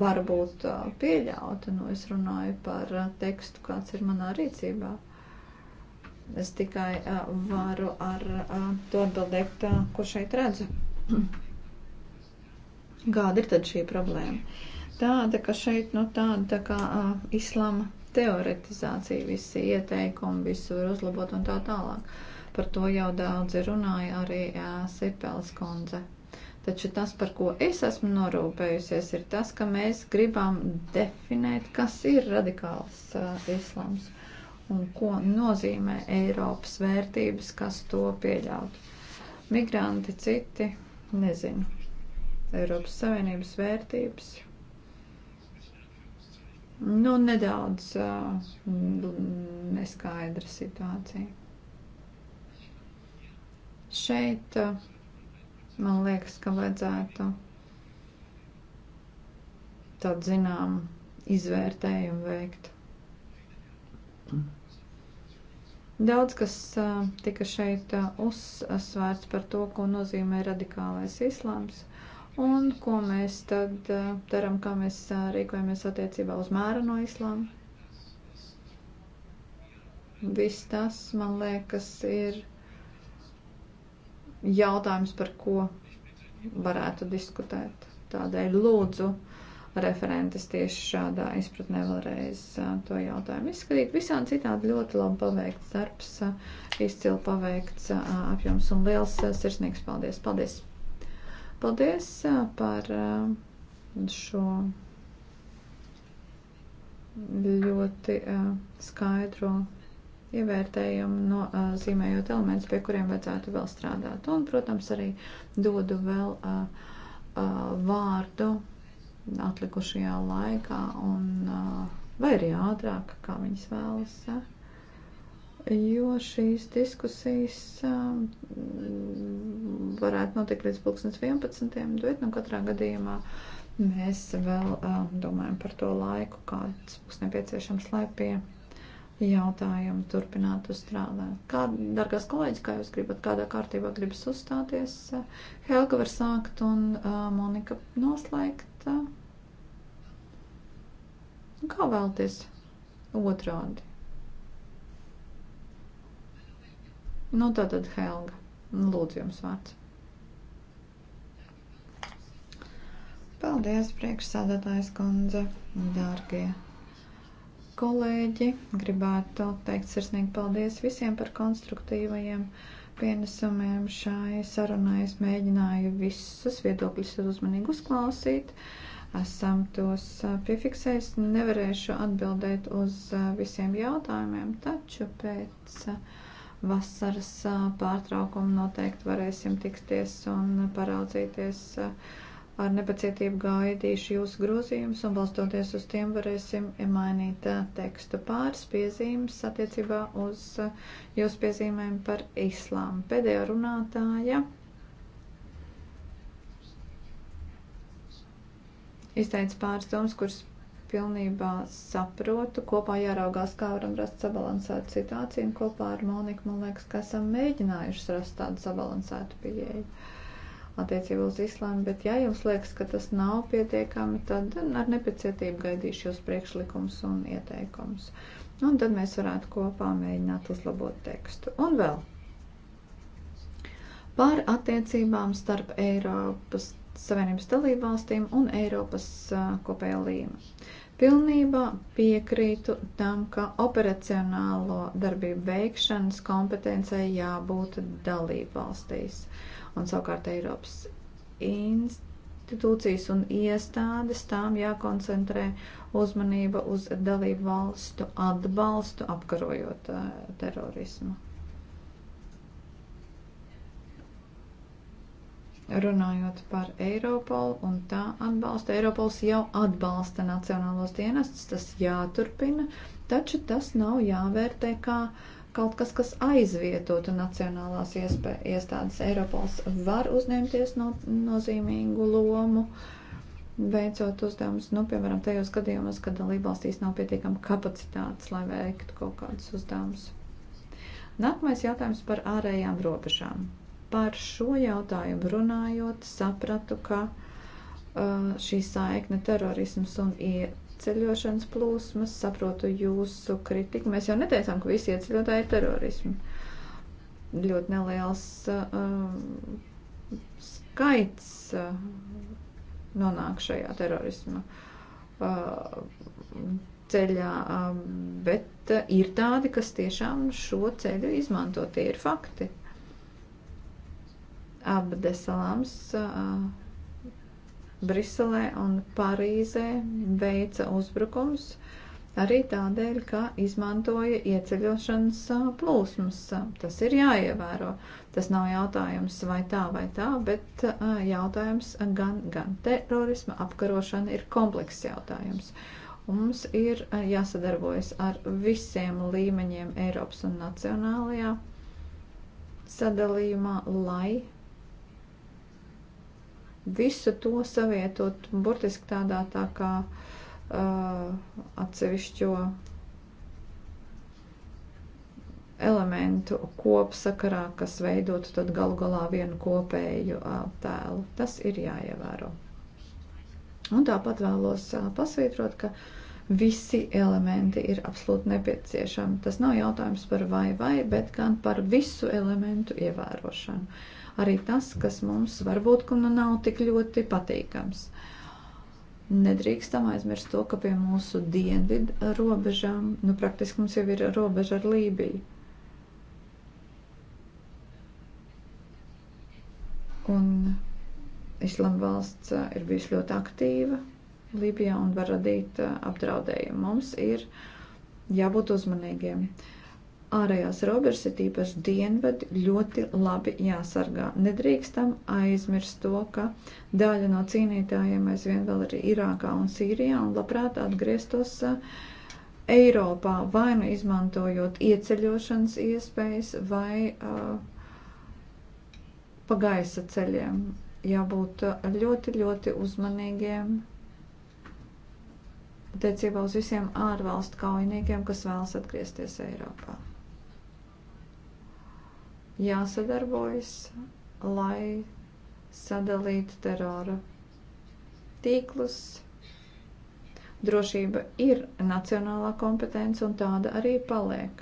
varbūt uh, pieļauta? Nu, es runāju par uh, tekstu, kāds ir manā rīcībā. Es tikai uh, varu ar uh, to atbildēt, uh, ko šeit redzu. Kāda ir tad šī problēma? Tāda, ka šeit nu, tāda tā kā uh, islama teoretizācija, visi ieteikumi, visu var uzlabot un tā tālāk. Par to jau daudzi runāja arī uh, Sipels kundze. Taču tas, par ko es esmu norūpējusies, ir tas, ka mēs gribam definēt, kas ir radikāls uh, islams un ko nozīmē Eiropas vērtības, kas to pieļautu. Migranti citi nezinu. Eiropas Savienības vērtības. Nu, nedaudz uh, neskaidra situācija. Šeit uh, man liekas, ka vajadzētu tādu zinām izvērtējumu veikt. Mm. Daudz kas tika šeit uzsvērts par to, ko nozīmē radikālais islāms un ko mēs tad darām, kā mēs rīkojamies attiecībā uz mēru no islāma. Viss tas, man liekas, ir jautājums, par ko varētu diskutēt. Tādēļ lūdzu referentes tieši šādā izpratnē vēlreiz to jautājumu izskatīt. Visādi citādi ļoti labi paveikts darbs, izcili paveikts apjoms un liels sirsnīgs paldies. Paldies! Paldies par šo ļoti skaidro ievērtējumu, nozīmējot elementus, pie kuriem vajadzētu vēl strādāt. Un, protams, arī dodu vēl vārdu atlikušajā laikā, un, vai arī ātrāk, kā viņas vēlas. Jo šīs diskusijas varētu notikt līdz 2011. bet nu katrā gadījumā mēs vēl domājam par to laiku, kāds būs nepieciešams, lai pie jautājumu turpinātu strādāt. Kā, dargās kolēģis, kā jūs gribat, kādā kārtībā gribas uzstāties? Helga var sākt un uh, Monika noslēgt. Nu, kā vēlties otrādi. Nu, tā tad Helga, nu, lūdzu jums vārds. Paldies, priekšsādātājs kundze, dārgie kolēģi. Gribētu teikt sirsnīgi paldies visiem par konstruktīvajiem. Uh, pienesumiem šai sarunai. Es mēģināju visus viedokļus uzmanīgi uzklausīt. Esam tos piefiksējis. Nevarēšu atbildēt uz visiem jautājumiem, taču pēc vasaras pārtraukuma noteikti varēsim tiksties un paraudzīties. Uh, Ar nepacietību gaidīšu jūsu grozījumus un balstoties uz tiem varēsim mainīt eh, tekstu pāris piezīmes attiecībā uz eh, jūsu piezīmēm par islāmu. Pēdējā runātāja izteica pāris domas, kuras pilnībā saprotu. Kopā jāraugās, kā varam rast sabalansētu situāciju, un kopā ar Moniku, man liekas, ka esam mēģinājuši rast tādu sabalansētu pieeju attiecībā uz islāmu, bet ja jums liekas, ka tas nav pietiekami, tad ar nepacietību gaidīšu jūs priekšlikums un ieteikums. Un tad mēs varētu kopā mēģināt uzlabot tekstu. Un vēl par attiecībām starp Eiropas Savienības dalībvalstīm un Eiropas uh, kopējā līmenī. Pilnībā piekrītu tam, ka operacionālo darbību veikšanas kompetencijai jābūt dalībvalstīs. valstīs Un savukārt Eiropas institūcijas un iestādes tām jākoncentrē uzmanība uz dalību valstu atbalstu apkarojot terorismu. Runājot par Eiropolu un tā atbalstu, Eiropols jau atbalsta nacionālos dienestus, tas jāturpina, taču tas nav jāvērtē kā uh, kaut kas, kas aizvietotu nacionālās iestādes. Eiropols var uzņemties no, nozīmīgu lomu, veicot uzdevumus, nu, piemēram, tajos gadījumos, kad dalībvalstīs nav pietiekama kapacitātes, lai veiktu kaut kādus uzdevumus. Nākamais jautājums par ārējām robežām. Par šo jautājumu runājot, sapratu, ka uh, šī saikne terorisms un ie, ceļošanas plūsmas, saprotu jūsu kritiku. Mēs jau neteicām, ka visi ieceļotāji ir terorismi. Ļoti neliels uh, skaits uh, nonāk šajā terorisma uh, ceļā, uh, bet uh, ir tādi, kas tiešām šo ceļu izmanto. Tie ir fakti. Abdesalams. Uh, Briselē un Parīzē veica uzbrukums arī tādēļ, ka izmantoja ieceļošanas plūsmas. Tas ir jāievēro. Tas nav jautājums vai tā vai tā, bet jautājums gan, gan terorisma apkarošana ir komplekss jautājums. Un mums ir jāsadarbojas ar visiem līmeņiem Eiropas un nacionālajā sadalījumā, lai visu to savietot burtiski tādā tā kā uh, atsevišķo elementu kopsakarā, kas veidotu tad galu galā vienu kopēju uh, tēlu. Tas ir jāievēro. Un tāpat vēlos uh, pasvītrot, ka visi elementi ir absolūti nepieciešami. Tas nav jautājums par vai vai, bet gan par visu elementu ievērošanu. Uh, arī tas, kas mums varbūt ka nu nav tik ļoti patīkams. Nedrīkstam aizmirst to, ka pie mūsu dienvidu robežām, nu praktiski mums jau ir robeža ar Lībiju. Un Islama valsts uh, ir bijusi ļoti aktīva Lībijā un var radīt uh, apdraudējumu. Mums ir jābūt uzmanīgiem. Uh, ārējās robežas, ir īpaši dienvedi, ļoti labi jāsargā. Nedrīkstam aizmirst to, ka daļa no cīnītājiem aizvien vēl ir Irākā un Sīrijā un labprāt atgrieztos uh, Eiropā, vai nu izmantojot ieceļošanas iespējas vai uh, pa gaisa ceļiem. Jābūt uh, ļoti, ļoti uzmanīgiem attiecībā uz visiem ārvalstu kaujiniekiem, kas vēlas atgriezties Eiropā jāsadarbojas, lai sadalītu terora tīklus. Drošība ir nacionālā kompetence un tāda arī paliek.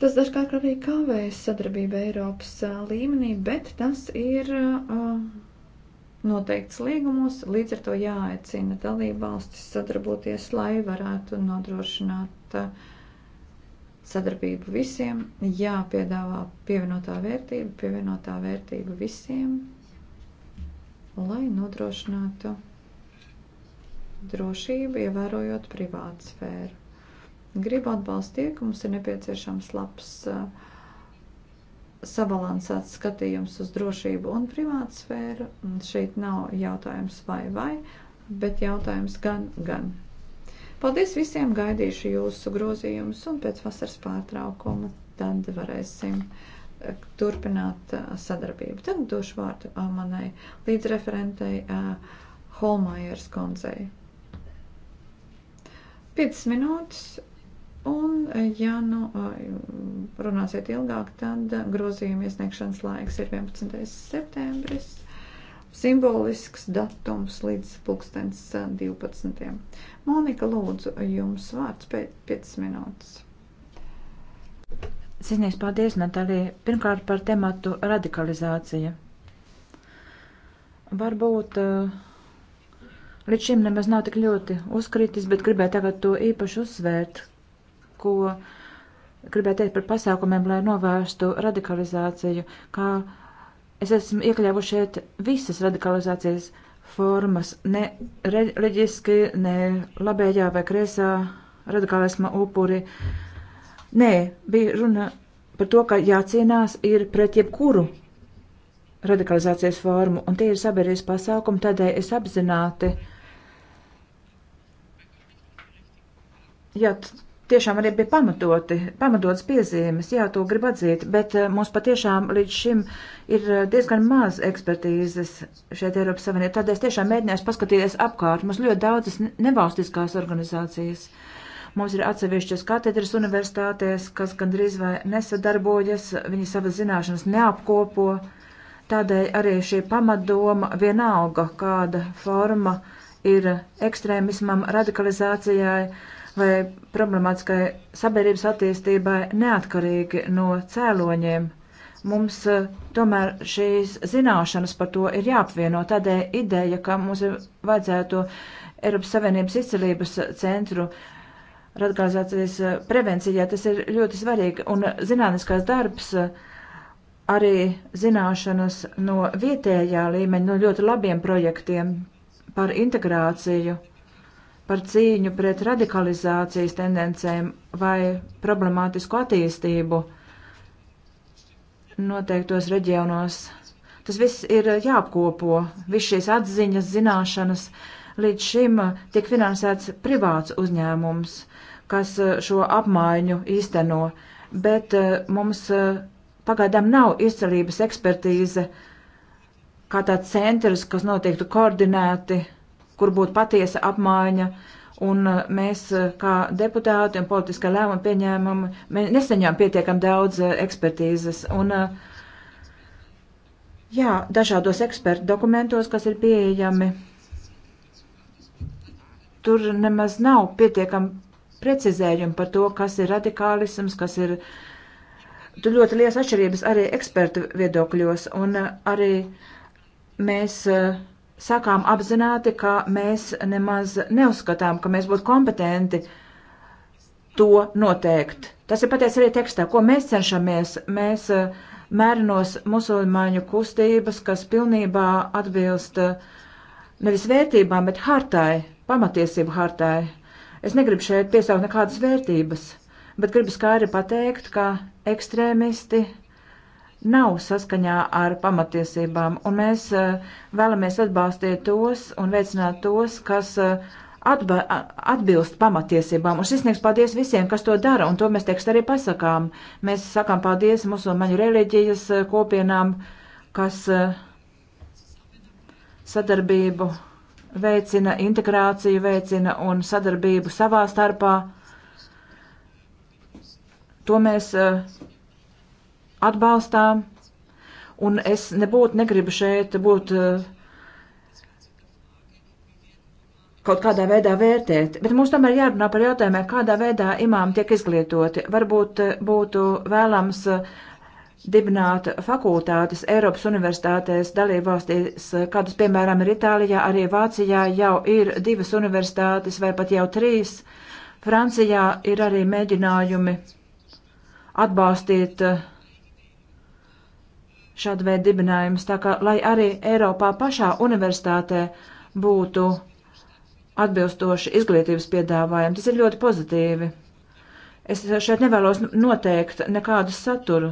Tas dažkārt arī kavējas sadarbība Eiropas līmenī, bet tas ir uh, noteikts līgumos. Līdz ar to jāaicina dalību valstis sadarboties, lai varētu nodrošināt uh, sadarbību visiem, jāpiedāvā pievienotā vērtība, pievienotā vērtība visiem, lai nodrošinātu drošību, ievērojot privātu sfēru. Gribu atbalstīt, ka mums ir nepieciešams labs uh, sabalansēts skatījums uz drošību un privātu sfēru. Šeit nav jautājums vai vai, bet jautājums gan gan. Paldies visiem, gaidīšu jūsu grozījumus un pēc vasaras pārtraukuma tad varēsim eh, turpināt eh, sadarbību. Tad došu vārdu eh, manai līdzreferentei Holmajers kundzei. 5 minūtes Un, ja nu runāsiet ilgāk, tad grozījuma iesniegšanas laiks ir 11. septembris simbolisks datums līdz pulkstens 12. Eh, Monika, lūdzu, jums vārds pēc 5 minūtes. Sinieks, paldies, Natālija. Pirmkārt par tematu radikalizācija. Varbūt eh, līdz šim nemaz nav tik ļoti uzkritis, bet gribēju tagad to īpaši uzsvērt, ko gribēju teikt par pasākumiem, lai novērstu radikalizāciju, kā es esmu iekļāvuši šeit visas radikalizācijas formas, ne reģiski, ne labējā vai kreisā radikālisma upuri. Nē, bija runa par to, ka jācīnās ir pret jebkuru radikalizācijas formu, un tie ir sabiedrības pasākumi, tādēļ es apzināti. Jā, tiešām arī bija pamatoti, pamatotas piezīmes, jā, to grib atzīt, bet eh, mums patiešām līdz šim ir eh, diezgan maz ekspertīzes šeit Eiropas Savienībā. Tādēļ es tiešām mēģināšu paskatīties apkārt. Mums ļoti daudzas nevalstiskās organizācijas. Mums ir atsevišķas katedras universitātēs, kas gandrīz vai nesadarbojas, viņi savas zināšanas neapkopo. Tādēļ arī šī pamatdoma vienalga, kāda forma ir ekstrēmismam, radikalizācijai vai problemātiskai sabiedrības attīstībai neatkarīgi no cēloņiem. Mums eh, tomēr šīs zināšanas par to ir jāapvieno. Tādēļ ideja, ka mums ir vajadzētu Eiropas Savienības izcelības centru radikalizācijas eh, prevencijā, tas ir ļoti svarīgi. Un zinātniskais darbs eh, arī zināšanas no vietējā līmeņa, no ļoti labiem projektiem par integrāciju par cīņu pret radikalizācijas tendencēm vai problemātisku attīstību noteiktos reģionos. Tas viss ir jāapkopo, viss šīs atziņas, zināšanas. Līdz šim tiek finansēts privāts uzņēmums, kas eh, šo apmaiņu īsteno, bet eh, mums eh, pagaidām nav izcelības ekspertīze kā tāds centrs, kas notiektu koordinēti kur būtu patiesa apmaiņa. Un uh, mēs, uh, kā deputāti un politiskā lēmuma pieņēmam, nesaņām pietiekam daudz uh, ekspertīzes. Un, jā, dažādos ekspertu dokumentos, kas ir pieejami, tur nemaz nav pietiekam precizējumi par to, kas ir radikālisms, kas ir. Tur ļoti liels atšķirības arī ekspertu viedokļos, un arī mēs uh, sakām apzināti, ka mēs nemaz neuzskatām, ka mēs būtu kompetenti to noteikt. Tas ir pateicis arī tekstā, ko mēs cenšamies. Mēs eh, mērinos musulmaņu kustības, kas pilnībā atbilst eh, nevis vērtībām, bet hartai, pamatiesību hartai. Es negribu šeit piesaukt nekādas vērtības, bet gribu skaidri pateikt, ka ekstrēmisti nav saskaņā ar pamatiesībām, un mēs e, vēlamies atbalstīt tos un veicināt tos, kas e, atba, atbilst pamatiesībām. Un šis sniegs paldies visiem, kas to dara, un to mēs tekstu arī pasakām. Mēs sakām paldies musulmaņu reliģijas e, kopienām, kas sadarbību veicina, integrāciju veicina un sadarbību savā starpā. To mēs uh, atbalstām, un es nebūtu negribu šeit būt eh, kaut kādā veidā vērtēt, bet mums tomēr jārunā par jautājumiem, kādā veidā imāmi tiek izglītoti. Varbūt eh, būtu vēlams eh, dibināt fakultātes Eiropas universitātēs dalībvalstīs, kādas, piemēram, ir Itālijā, arī Vācijā jau ir divas universitātes vai pat jau trīs. Francijā ir arī mēģinājumi atbalstīt uh, šādu veidu dibinājumus, tā kā lai arī Eiropā pašā universitātē būtu atbilstoši izglītības piedāvājumi. Tas ir ļoti pozitīvi. Es šeit nevēlos noteikt nekādu saturu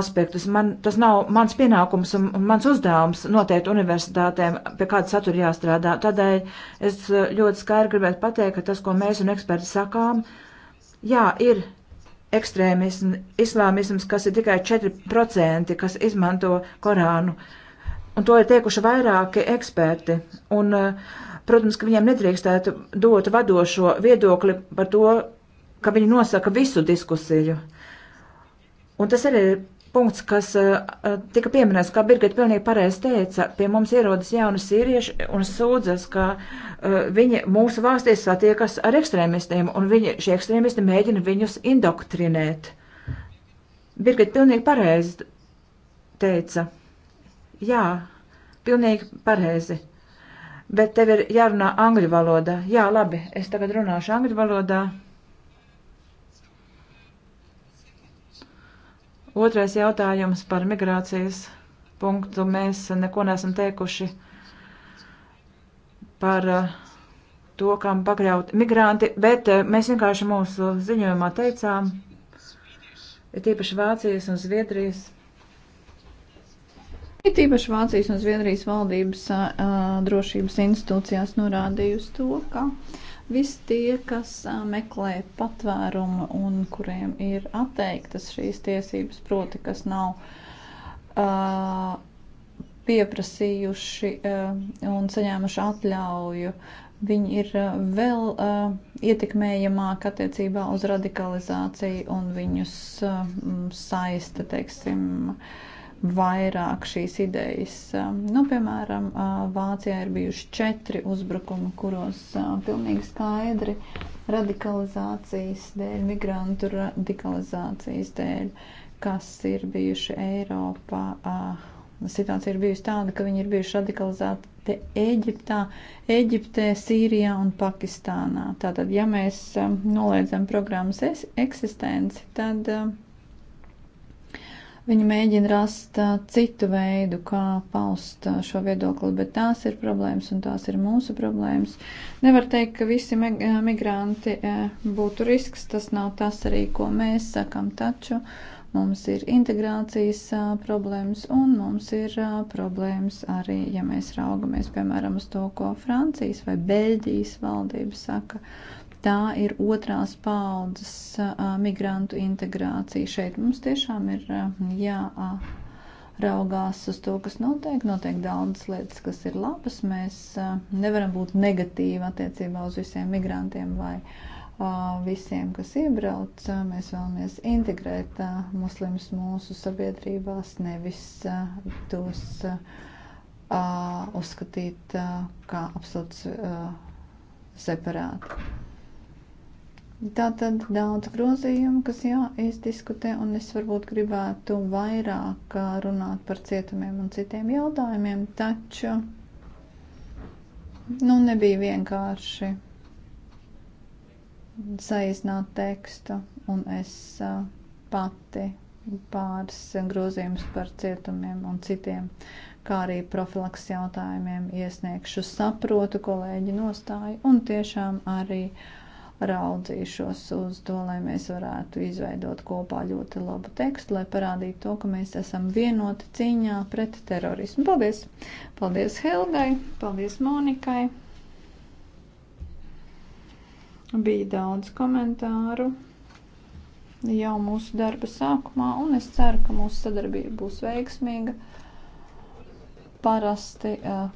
aspektus. Man, tas nav mans pienākums un, un mans uzdevums noteikt universitātēm, pie kāda satura jāstrādā. Tādēļ es ļoti skaidri gribētu pateikt, ka tas, ko mēs un eksperti sakām, jā, ir ekstrēmismu, islāmisms, kas ir tikai 4%, kas izmanto Korānu. Un to ir teikuši vairāki eksperti. Un, eh, protams, ka viņiem nedrīkstētu dot vadošo viedokli par to, ka viņi nosaka visu diskusiju. Un tas arī ir punkts, kas eh, tika pieminēts, kā Birgit pilnīgi pareizi teica, pie mums ierodas jauni sīrieši un sūdzas, ka eh, viņi mūsu valstīs satiekas ar ekstrēmistiem, un viņi, šie ekstrēmisti mēģina viņus indoktrinēt. Birgit pilnīgi pareizi teica. Jā, pilnīgi pareizi. Bet tev ir jārunā angļu valodā. Jā, labi, es tagad runāšu angļu valodā. Otrais jautājums par migrācijas punktu. Mēs neko neesam teikuši par eh, to, kam pakļaut migranti, bet eh, mēs vienkārši mūsu ziņojumā teicām, ir tīpaši Vācijas un Zviedrijas. Ir tīpaši Vācijas un Zviedrijas valdības uh, drošības institūcijās norādījusi to, ka Visi tie, kas meklē patvērumu un kuriem ir atteiktas šīs tiesības, proti, kas nav uh, pieprasījuši uh, un saņēmuši atļauju, viņi ir uh, vēl uh, ietekmējamāk attiecībā uz radikalizāciju un viņus uh, saista, teiksim, uh, vairāk šīs idejas. Um, nu, piemēram, uh, Vācijā ir bijuši četri uzbrukumi, kuros uh, pilnīgi skaidri radikalizācijas dēļ, migrantu radikalizācijas dēļ, kas ir bijuši Eiropā. Uh, situācija ir bijusi tāda, ka viņi ir bijuši radikalizēti Eģiptā, Eģiptē, Sīrijā un Pakistānā. Tātad, ja mēs um, noliedzam programmas eksistenci, tad uh, Viņi mēģina rast citu veidu, kā paust šo viedokli, bet tās ir problēmas un tās ir mūsu problēmas. Nevar teikt, ka visi migranti būtu risks, tas nav tas arī, ko mēs sakam, taču mums ir integrācijas problēmas un mums ir problēmas arī, ja mēs raugamies, piemēram, uz to, ko Francijas vai Beļģijas valdība saka tā ir otrās paudzes migrantu integrācija. Šeit mums tiešām ir jāraugās uz to, kas notiek. Notiek daudz lietas, kas ir labas. Mēs nevaram būt negatīvi attiecībā uz visiem migrantiem vai visiem, kas iebrauc. Mēs vēlamies integrēt muslimus mūsu sabiedrībās, nevis tos uzskatīt kā absolūts separāti. Tātad daudz grozījumu, kas jāizdiskutē, un es varbūt gribētu vairāk runāt par cietumiem un citiem jautājumiem, taču, nu, nebija vienkārši saīsināt tekstu, un es pati pāris grozījumus par cietumiem un citiem, kā arī profilaks jautājumiem iesniegšu, saprotu kolēģi nostāju un tiešām arī uh, raudzīšos uz to, lai mēs varētu izveidot kopā ļoti labu tekstu, lai parādītu to, ka mēs esam vienoti cīņā pret terorismu. Paldies! Paldies Helgai! Paldies Monikai! Bija daudz komentāru jau mūsu darba sākumā, un es ceru, ka mūsu sadarbība būs veiksmīga. Parasti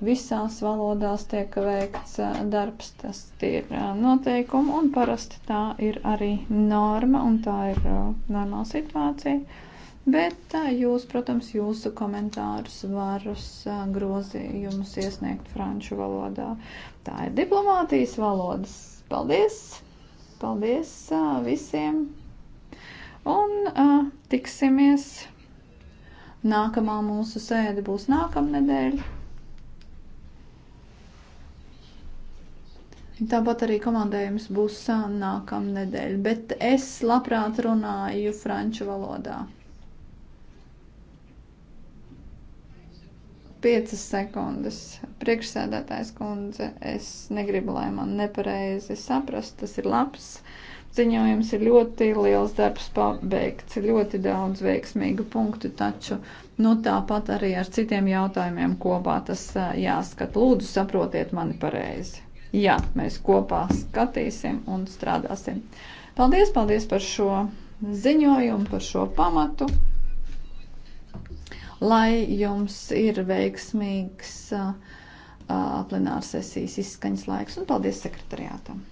visās valodās tiek veikts darbs, tas ir noteikumi, un parasti tā ir arī norma, un tā ir normāla situācija. Bet jūs, protams, jūsu komentārus, varus, grozījumus iesniegt franču valodā. Tā ir diplomātijas valodas. Paldies! Paldies visiem! Un tiksimies! Nākamā mūsu sēde būs nākamnedēļ. Tāpat arī komandējums būs nākamnedēļ, bet es labprāt runāju franču valodā. Piecas sekundes. Priekšsēdētājs kundze, es negribu, lai man nepareizi saprast, tas ir labs ziņojums ir ļoti liels darbs pabeigts, ir ļoti daudz veiksmīgu punktu, taču nu, tāpat arī ar citiem jautājumiem kopā tas jāskat. Lūdzu, saprotiet mani pareizi. Jā, mēs kopā skatīsim un strādāsim. Paldies, paldies par šo ziņojumu, par šo pamatu. Lai jums ir veiksmīgs uh, plenārsesijas izskaņas laiks un paldies sekretariātam.